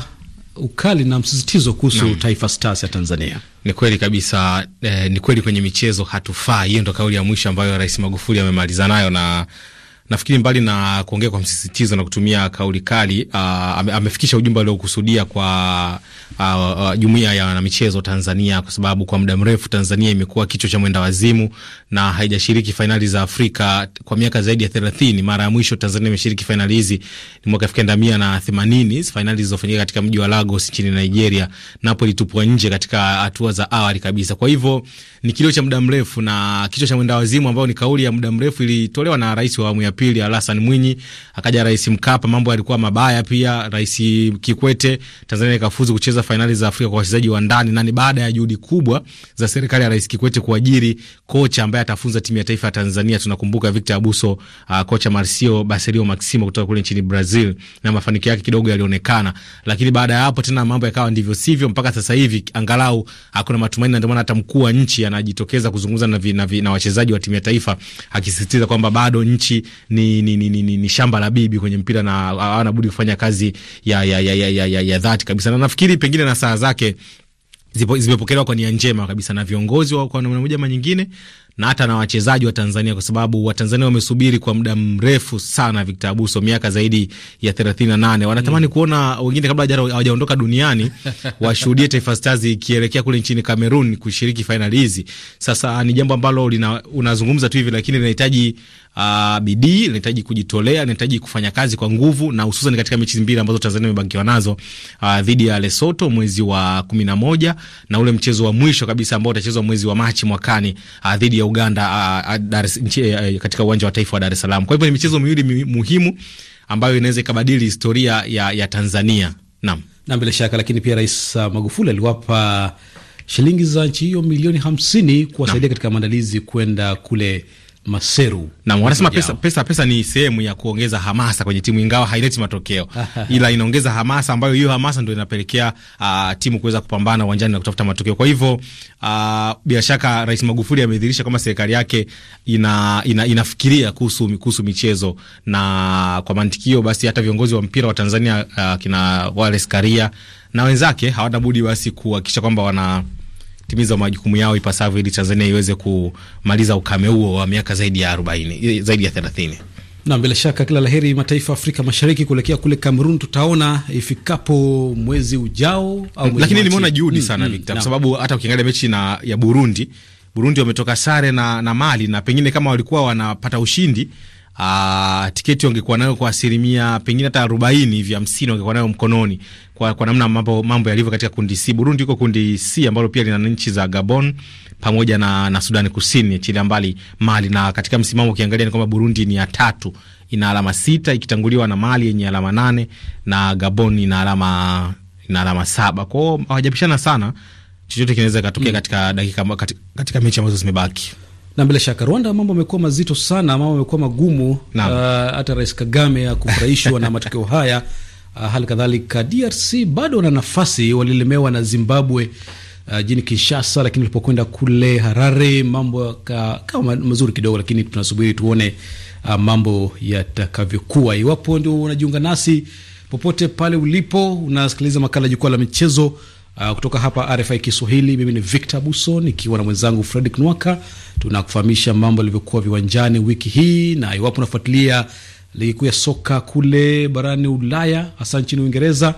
ukali na msisitizo kuhusu no. Taifa Stars ya Tanzania. Ni kweli kabisa eh, ni kweli kwenye michezo hatufaa. Hiyo ndo kauli ya mwisho ambayo Rais Magufuli amemaliza nayo na nafikiri mbali na kuongea kwa msisitizo na kutumia kauli kali uh, amefikisha ujumbe aliokusudia kwa uh, uh, jumuiya ya wanamichezo Tanzania, kwa sababu kwa muda mrefu Tanzania imekuwa kichwa cha mwenda wazimu na haijashiriki fainali za Afrika kwa miaka zaidi ya thelathini. Mara ya mwisho Tanzania imeshiriki fainali hizi ni mwaka elfu kenda mia na themanini, fainali zilizofanyika katika mji wa Lagos nchini Nigeria, napo ilitupwa nje katika hatua za awali kabisa. Kwa hivyo ni kilio cha muda mrefu na kichwa cha mwenda wazimu, ambayo ni kauli ya muda mrefu ilitolewa na rais wa awamu ya pili Ali Mwinyi, akaja Rais Mkapa, mambo yalikuwa mabaya pia. Rais Kikwete, Tanzania ikafuzu kucheza fainali za Afrika kwa wachezaji wa ndani, na ni baada ya juhudi kubwa za serikali ya Rais Kikwete kuajiri kocha ambaye atafunza timu ya taifa ya Tanzania. Tunakumbuka Victor Abuso, uh, kocha Marcio Baserio Maximo kutoka kule nchini Brazil, na mafanikio yake kidogo yalionekana, lakini baada ya hapo tena mambo yakawa ndivyo sivyo mpaka sasa hivi, angalau hakuna uh, matumaini, na ndio maana hata mkuu wa nchi anajitokeza kuzungumza na, na, na wachezaji wa timu ya taifa akisisitiza kwamba bado nchi ni, ni, ni, ni, ni ni shamba la bibi kwenye mpira na hawana budi kufanya kazi ya, ya, ya, ya, ya, ya ya dhati kabisa, na nafikiri pengine na saa zake zimepokelewa kwa nia njema kabisa na viongozi wa kwa namna moja ama nyingine na hata na wachezaji wa Tanzania kwa sababu Watanzania wamesubiri kwa muda mrefu sana Victor Abuso, miaka zaidi ya 38. Wanatamani mm. kuona wengine kabla hawajaondoka duniani washuhudie Taifa Stars ikielekea kule nchini Cameroon kushiriki fainali hizi. Sasa ah, ni jambo ambalo unazungumza tu hivi, lakini linahitaji uh, bidii, linahitaji kujitolea, linahitaji kufanya kazi kwa nguvu, na hususan katika mechi mbili ambazo Tanzania imebankiwa nazo uh, dhidi ya Lesotho mwezi wa kumi na moja na ule mchezo wa mwisho kabisa ambao utachezwa mwezi wa Machi mwakani uh, dhidi ya Uganda uh, Dar, uh, katika uwanja wa taifa wa Dar es Salaam. Kwa hivyo ni michezo miwili muhimu ambayo inaweza ikabadili historia ya, ya Tanzania. Naam, na bila shaka. Lakini pia Rais Magufuli aliwapa shilingi za nchi hiyo milioni hamsini kuwasaidia katika maandalizi kwenda kule Maseru na wanasema pesa, pesa, pesa ni sehemu ya kuongeza hamasa kwenye timu, ingawa haileti matokeo ila inaongeza hamasa, ambayo hiyo hamasa ndio inapelekea uh, timu kuweza kupambana uwanjani na kutafuta matokeo. Kwa hivyo uh, bila shaka Rais Magufuli amedhihirisha kwamba serikali yake ina, ina, inafikiria kuhusu kuhusu michezo, na kwa mantikio basi hata viongozi wa mpira wa Tanzania uh, kina Wallace Karia na wenzake hawana budi basi kuhakikisha kwamba wana kutimiza majukumu yao ipasavyo ili Tanzania iweze kumaliza ukame huo wa miaka zaidi ya 40 eh, zaidi ya 30. Na bila shaka kila laheri mataifa Afrika Mashariki kuelekea kule Kamerun, tutaona ifikapo mwezi ujao au mwezi. Lakini nimeona juhudi mm, sana mm, Victor, kwa sababu hata ukiangalia mechi na ya Burundi, Burundi wametoka sare na, na Mali na pengine kama walikuwa wanapata ushindi aa, ah, tiketi wangekuwa nayo kwa asilimia pengine hata arobaini hivi hamsini wangekuwa nayo mkononi kwa, kwa namna mambo, mambo yalivyo katika kundi C. Burundi iko kundi C ambalo pia lina nchi za Gabon pamoja na, na Sudani Kusini, achilia mbali Mali. Na katika msimamo ukiangalia ni kwamba Burundi ni ya tatu, ina alama sita ikitanguliwa na Mali yenye alama nane na Gabon ina alama ina alama saba. Kwa hiyo hawajapishana sana, chochote kinaweza katokea mm. katika dakika katika, katika mechi ambazo zimebaki na bila shaka Rwanda mambo amekuwa mazito sana, mambo amekuwa magumu. Ah, hata uh, Rais Kagame akufurahishwa na matokeo haya Uh, hali kadhalika DRC bado wana nafasi, walilemewa na Zimbabwe uh, ah, jini Kinshasa, lakini walipokwenda kule Harare mambo kama mazuri kidogo, lakini tunasubiri tuone uh, mambo yatakavyokuwa. Iwapo ndio unajiunga nasi popote pale ulipo, unasikiliza makala ya jukwaa la michezo uh, kutoka hapa RFI Kiswahili. Mimi ni Victor Buso nikiwa na mwenzangu Fredrick Nwaka, tunakufahamisha mambo yalivyokuwa viwanjani wiki hii, na iwapo unafuatilia ligi kuu ya soka kule barani Ulaya, hasa nchini Uingereza.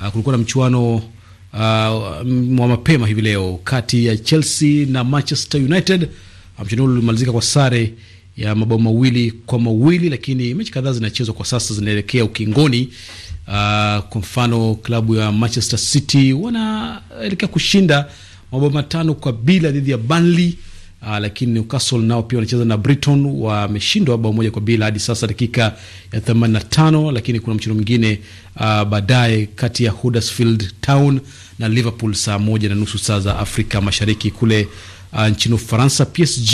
Uh, kulikuwa na mchuano uh, wa mapema hivi leo kati ya Chelsea na Manchester United. Ah, mchuano huu ulimalizika kwa sare ya mabao mawili kwa mawili, lakini mechi kadhaa zinachezwa kwa sasa zinaelekea ukingoni. Uh, kwa mfano klabu ya Manchester City wanaelekea kushinda mabao matano kwa bila dhidi ya Burnley Uh, lakini Newcastle nao pia wanacheza na Brighton, wameshindwa bao moja kwa bila hadi sasa dakika ya 85, lakini kuna mchezo mwingine uh, baadaye kati ya Huddersfield Town na Liverpool saa moja na nusu saa za Afrika Mashariki. Kule uh, nchini Ufaransa PSG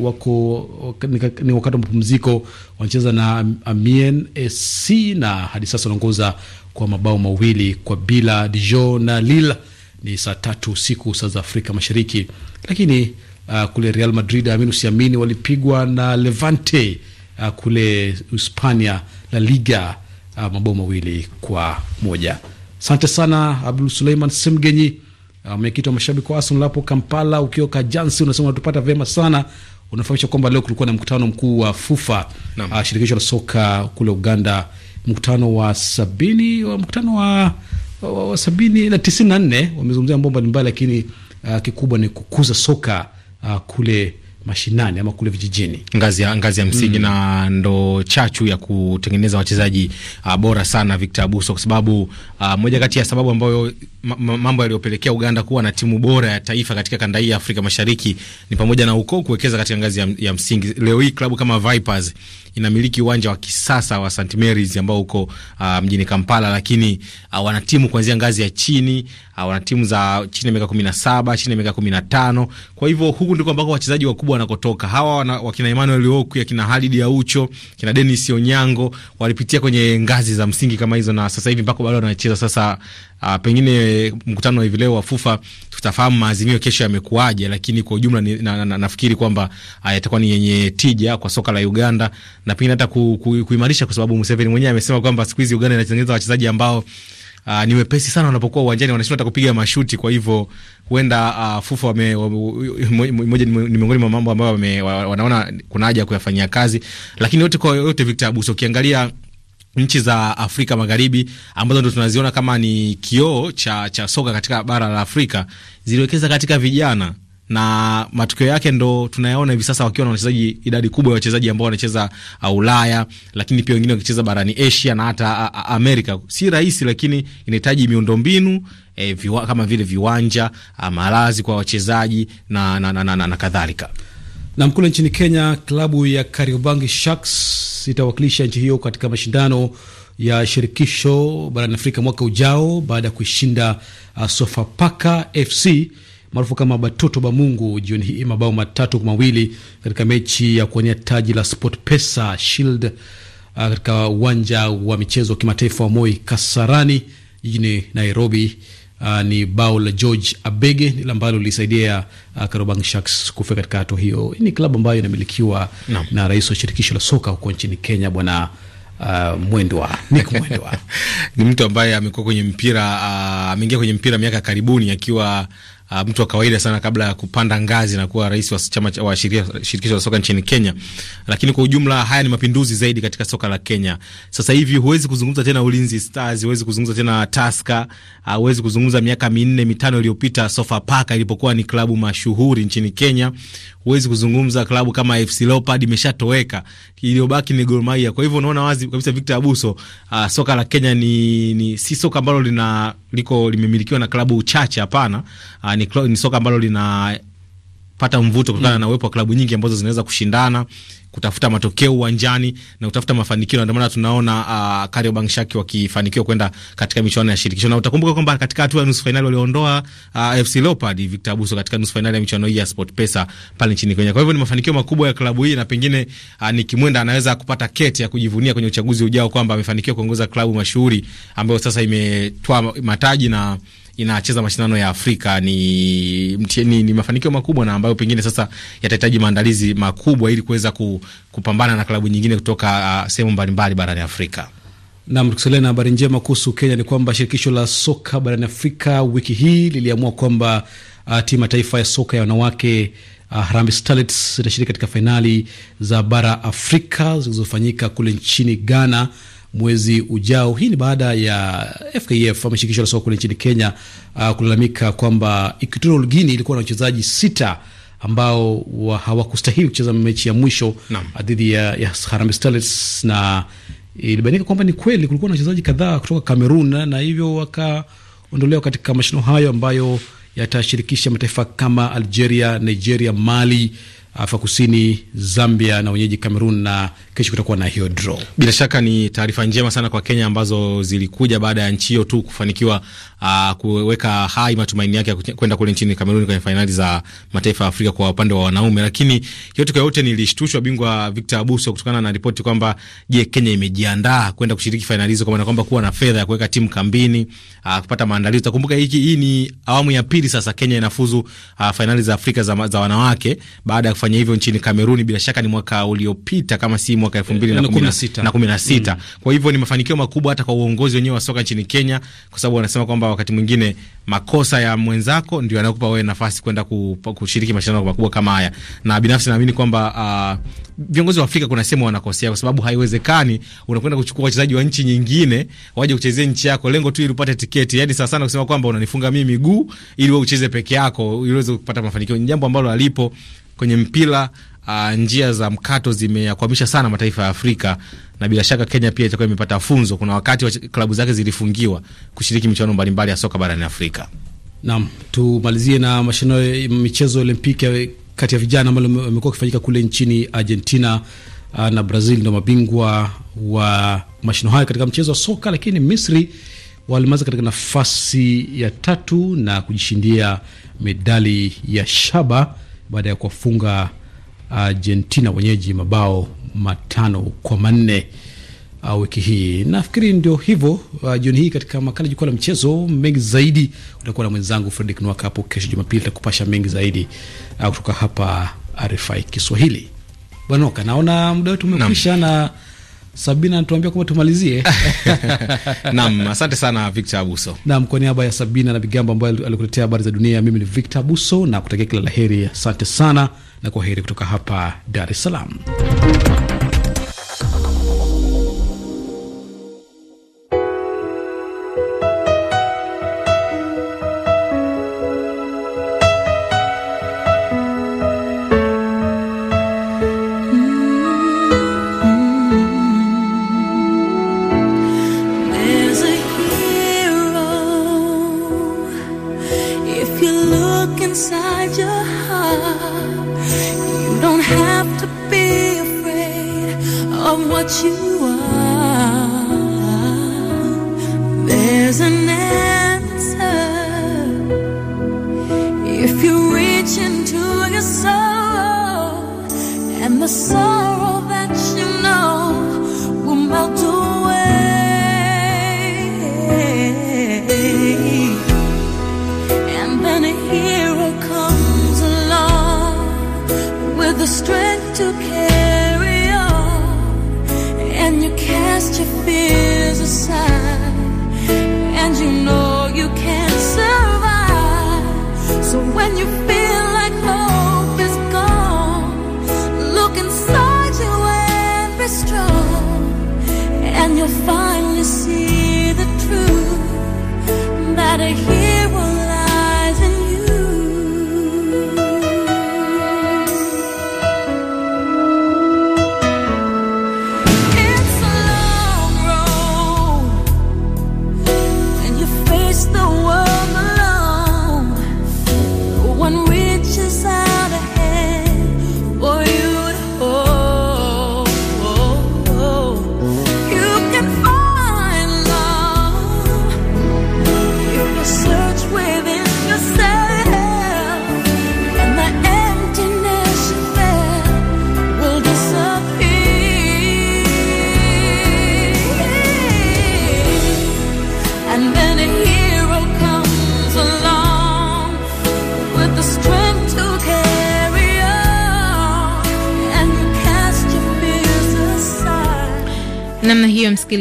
wako ni wakati wa mapumziko, wanacheza na Amiens SC na hadi sasa wanaongoza kwa mabao mawili kwa bila. Dijon na Lille ni saa tatu usiku saa za Afrika Mashariki, lakini uh, kule Real Madrid, amini usiamini, walipigwa na Levante uh, kule Hispania La Liga uh, mabao mawili kwa moja. Asante sana Abdul Suleiman Semgenyi, uh, mwenyekiti wa mashabiki wa Arsenal hapo Kampala. Ukiwa Kajansi unasema unatupata vyema sana unafahamisha kwamba leo kulikuwa na mkutano mkuu wa FUFA uh, shirikisho la soka kule Uganda, mkutano wa sabini wa mkutano wa, wa, wa sabini na tisini na nne wamezungumzia mambo mbalimbali, lakini uh, kikubwa ni kukuza soka uh, kule mashinani ama kule vijijini, ngazi ya, ngazi ya msingi mm. Na ndo chachu ya kutengeneza wachezaji uh, bora sana Victor Abuso, kwa sababu uh, moja kati ya sababu ambayo mambo yaliyopelekea Uganda kuwa na timu bora ya taifa katika kanda hii ya Afrika Mashariki ni pamoja na uko kuwekeza katika ngazi ya, ya msingi. Leo hii klabu kama Vipers inamiliki uwanja wa kisasa wa St Mary's ambao uko uh, mjini Kampala, lakini uh, wana timu kuanzia ngazi ya chini uh, wana timu za chini ya miaka kumi na saba chini ya miaka kumi na tano Kwa hivyo huku ndiko ambako wachezaji wakubwa wanakotoka hawa wana, wakina Emmanuel Oku, akina Halid Aucho, kina denis Onyango walipitia kwenye ngazi za msingi kama hizo, na sasa hivi mpaka bado wanacheza sasa Uh, pengine mkutano hivi leo wa FUFA tutafahamu maazimio kesho yamekuaje, lakini kwa ujumla ni, na, na, na, nafikiri kwamba uh, yatakuwa ni yenye tija kwa soka la Uganda na pengine hata ku, ku, kuimarisha, kwa sababu Museveni mwenyewe amesema kwamba siku hizi Uganda inatengeneza wachezaji ambao Uh, ni wepesi sana wanapokuwa uwanjani, wanashindwa hata kupiga mashuti. Kwa hivyo huenda uh, FUFA wame, moja ni miongoni mwa mambo ambayo wanaona kuna haja ya kuyafanyia kazi, lakini yote kwa yote, Victor Abuso, ukiangalia nchi za Afrika Magharibi ambazo ndo tunaziona kama ni kioo cha, cha soka katika bara la Afrika ziliwekeza katika vijana na matokeo yake ndo tunayaona hivi sasa, wakiwa na wachezaji idadi kubwa ya wachezaji ambao wanacheza uh, Ulaya, lakini pia wengine wakicheza barani Asia na hata uh, uh, Amerika. Si rahisi, lakini inahitaji miundombinu e, viwa, kama vile viwanja, malazi kwa wachezaji na, na, na, na, na, na kadhalika. Na mkule nchini Kenya, klabu ya Kariobangi Sharks itawakilisha nchi hiyo katika mashindano ya shirikisho barani Afrika mwaka ujao baada ya kuishinda uh, Sofapaka FC maarufu kama Batoto ba Mungu jioni hii mabao matatu kwa mawili katika mechi ya kuwania taji la SportPesa Shield uh, katika uwanja wa michezo wa kimataifa wa Moi Kasarani jijini Nairobi uh, ni bao la George Abege ile ambalo lilisaidia uh, ah, Karobang Sharks kufika katika hatua hiyo. Ni klabu ambayo inamilikiwa no. na rais wa shirikisho la soka huko nchini Kenya bwana Uh, Mwendwa Nick Mwendwa ni mtu ambaye amekuwa kwenye mpira ameingia uh, kwenye mpira miaka karibuni akiwa uh, mtu wa kawaida sana kabla ya kupanda ngazi na kuwa rais wa chama wa shirikisho la soka nchini Kenya. Lakini kwa ujumla haya ni mapinduzi zaidi katika soka la Kenya. Sasa hivi huwezi kuzungumza tena Ulinzi Stars, huwezi kuzungumza tena Tusker, uh, huwezi kuzungumza miaka minne mitano iliyopita Sofapaka ilipokuwa ni klabu mashuhuri nchini Kenya huwezi kuzungumza klabu kama FC Leopards imeshatoweka, iliyobaki ni Gor Mahia. Kwa hivyo unaona wazi kabisa Victor Abuso, uh, soka la Kenya ni, ni si soka ambalo lina liko limemilikiwa na klabu chache, hapana. Uh, ni, ni soka ambalo lina pata mvuto kutokana mm. na uwepo wa klabu nyingi ambazo zinaweza kushindana kutafuta matokeo uwanjani na kutafuta mafanikio, na ndio maana tunaona uh, Kariobangi Sharks wakifanikiwa kwenda katika michuano ya shirikisho, na utakumbuka kwamba katika hatua ya nusu fainali waliondoa uh, FC Leopard Victor Abuso katika nusu fainali ya michuano hii ya Sport Pesa pale nchini Kenya. Kwa hivyo ni mafanikio makubwa ya klabu hii, na pengine uh, nikimwenda anaweza kupata kete ya kujivunia kwenye uchaguzi ujao kwamba amefanikiwa kuongoza klabu mashuhuri ambayo sasa imetoa mataji na inacheza mashindano ya Afrika ni, ni, ni mafanikio makubwa na ambayo pengine sasa yatahitaji maandalizi makubwa ili kuweza ku, kupambana na klabu nyingine kutoka uh, sehemu mbalimbali barani Afrika. Nam, tukisalia na habari njema kuhusu Kenya ni kwamba shirikisho la soka barani Afrika wiki hii liliamua kwamba uh, timu ya taifa ya soka ya wanawake uh, Harambee Starlets itashiriki katika fainali za bara Afrika zilizofanyika kule nchini Ghana mwezi ujao. Hii ni baada ya FKF ama shirikisho la soka kule nchini Kenya uh, kulalamika kwamba Equatorial Guinea ilikuwa na wachezaji sita ambao hawakustahili kucheza mechi ya mwisho uh, dhidi ya, ya Harambee Starlets na ilibainika kwamba ni kweli kulikuwa na wachezaji kadhaa kutoka Kamerun na hivyo wakaondolewa katika mashindano hayo ambayo yatashirikisha mataifa kama Algeria, Nigeria, Mali Afrika Kusini, Zambia na wenyeji Cameroon, na kesho kutakuwa na hiyo draw. Bila shaka ni taarifa njema sana kwa Kenya ambazo zilikuja baada ya nchi hiyo tu kufanikiwa uh, kuweka hai matumaini yake ya kwenda kule nchini Kameruni kwenye fainali za mataifa ya Afrika kwa upande wa wanaume. Lakini yote kwa yote, nilishtushwa bingwa Victor Abuso kutokana na ripoti kwamba, je, Kenya imejiandaa kwenda kushiriki fainali hizo, kwa maana kwamba kuwa na fedha ya kuweka timu kambini, uh, kupata maandalizi. Utakumbuka hiki hii ni awamu ya pili sasa Kenya inafuzu uh, ah, fainali za Afrika za, za wanawake baada ya kufanya hivyo nchini Kameruni, bila shaka ni mwaka uliopita kama si mwaka elfu mbili na eh, kumi na sita. Mm. Kwa hivyo ni mafanikio makubwa hata kwa uongozi wenyewe wa soka nchini Kenya, kwa sababu wanasema kwamba wakati mwingine makosa ya mwenzako ndio yanayokupa wewe nafasi kwenda kushiriki mashindano makubwa kama haya, na binafsi naamini kwamba uh, viongozi wa Afrika kuna sehemu wanakosea, kwa sababu haiwezekani unakwenda kuchukua wachezaji wa nchi nyingine waje kuchezea nchi yako, lengo tu ili upate tiketi. Yani sawa sana kusema kwamba unanifunga mimi miguu ili wewe ucheze peke yako ili uweze kupata mafanikio, ni jambo ambalo alipo kwenye mpira uh, njia za mkato zimeyakwamisha sana mataifa ya Afrika na bila shaka Kenya pia itakuwa imepata funzo. Kuna wakati wa klabu zake zilifungiwa kushiriki michuano mbalimbali ya soka barani Afrika. Naam, tumalizie na mashindano ya michezo ya Olimpiki kati ya vijana ambalo amekuwa akifanyika kule nchini Argentina ah, na Brazil ndo mabingwa wa mashindano hayo katika mchezo wa soka, lakini Misri walimaliza katika nafasi ya tatu na kujishindia medali ya shaba baada ya kuwafunga Argentina wenyeji mabao matano kwa manne uh, wiki hii. Nafikiri ndio hivyo uh, jioni hii katika makala jukwaa la mchezo mengi zaidi utakuwa na mwenzangu Fredrick Nwaka hapo kesho Jumapili takupasha mengi zaidi uh, kutoka hapa RFI Kiswahili. Bwana Nwaka, naona muda wetu umekwisha na Sabina anatuambia kwamba tumalizie. Naam, asante sana Victor Abuso. Naam, kwa niaba ya Sabina na Vigamba ambayo alikuletea habari za dunia, mimi ni Victor Abuso na kutakia kila la heri. Asante sana na kwa heri kutoka hapa Dar es Salaam. fears aside, and you know you can not survive. So when you feel like hope is gone, look inside you and be strong, and you'll finally see the truth that a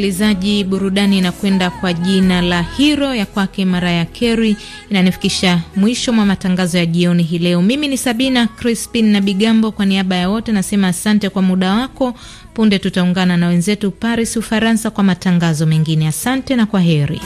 msikilizaji, burudani inakwenda kwa jina la Hiro ya kwake mara ya keri Inanifikisha mwisho mwa matangazo ya jioni hii leo. Mimi ni Sabina Crispin na Bigambo, kwa niaba ya wote nasema asante kwa muda wako. Punde tutaungana na wenzetu Paris, Ufaransa, kwa matangazo mengine. Asante na kwa heri.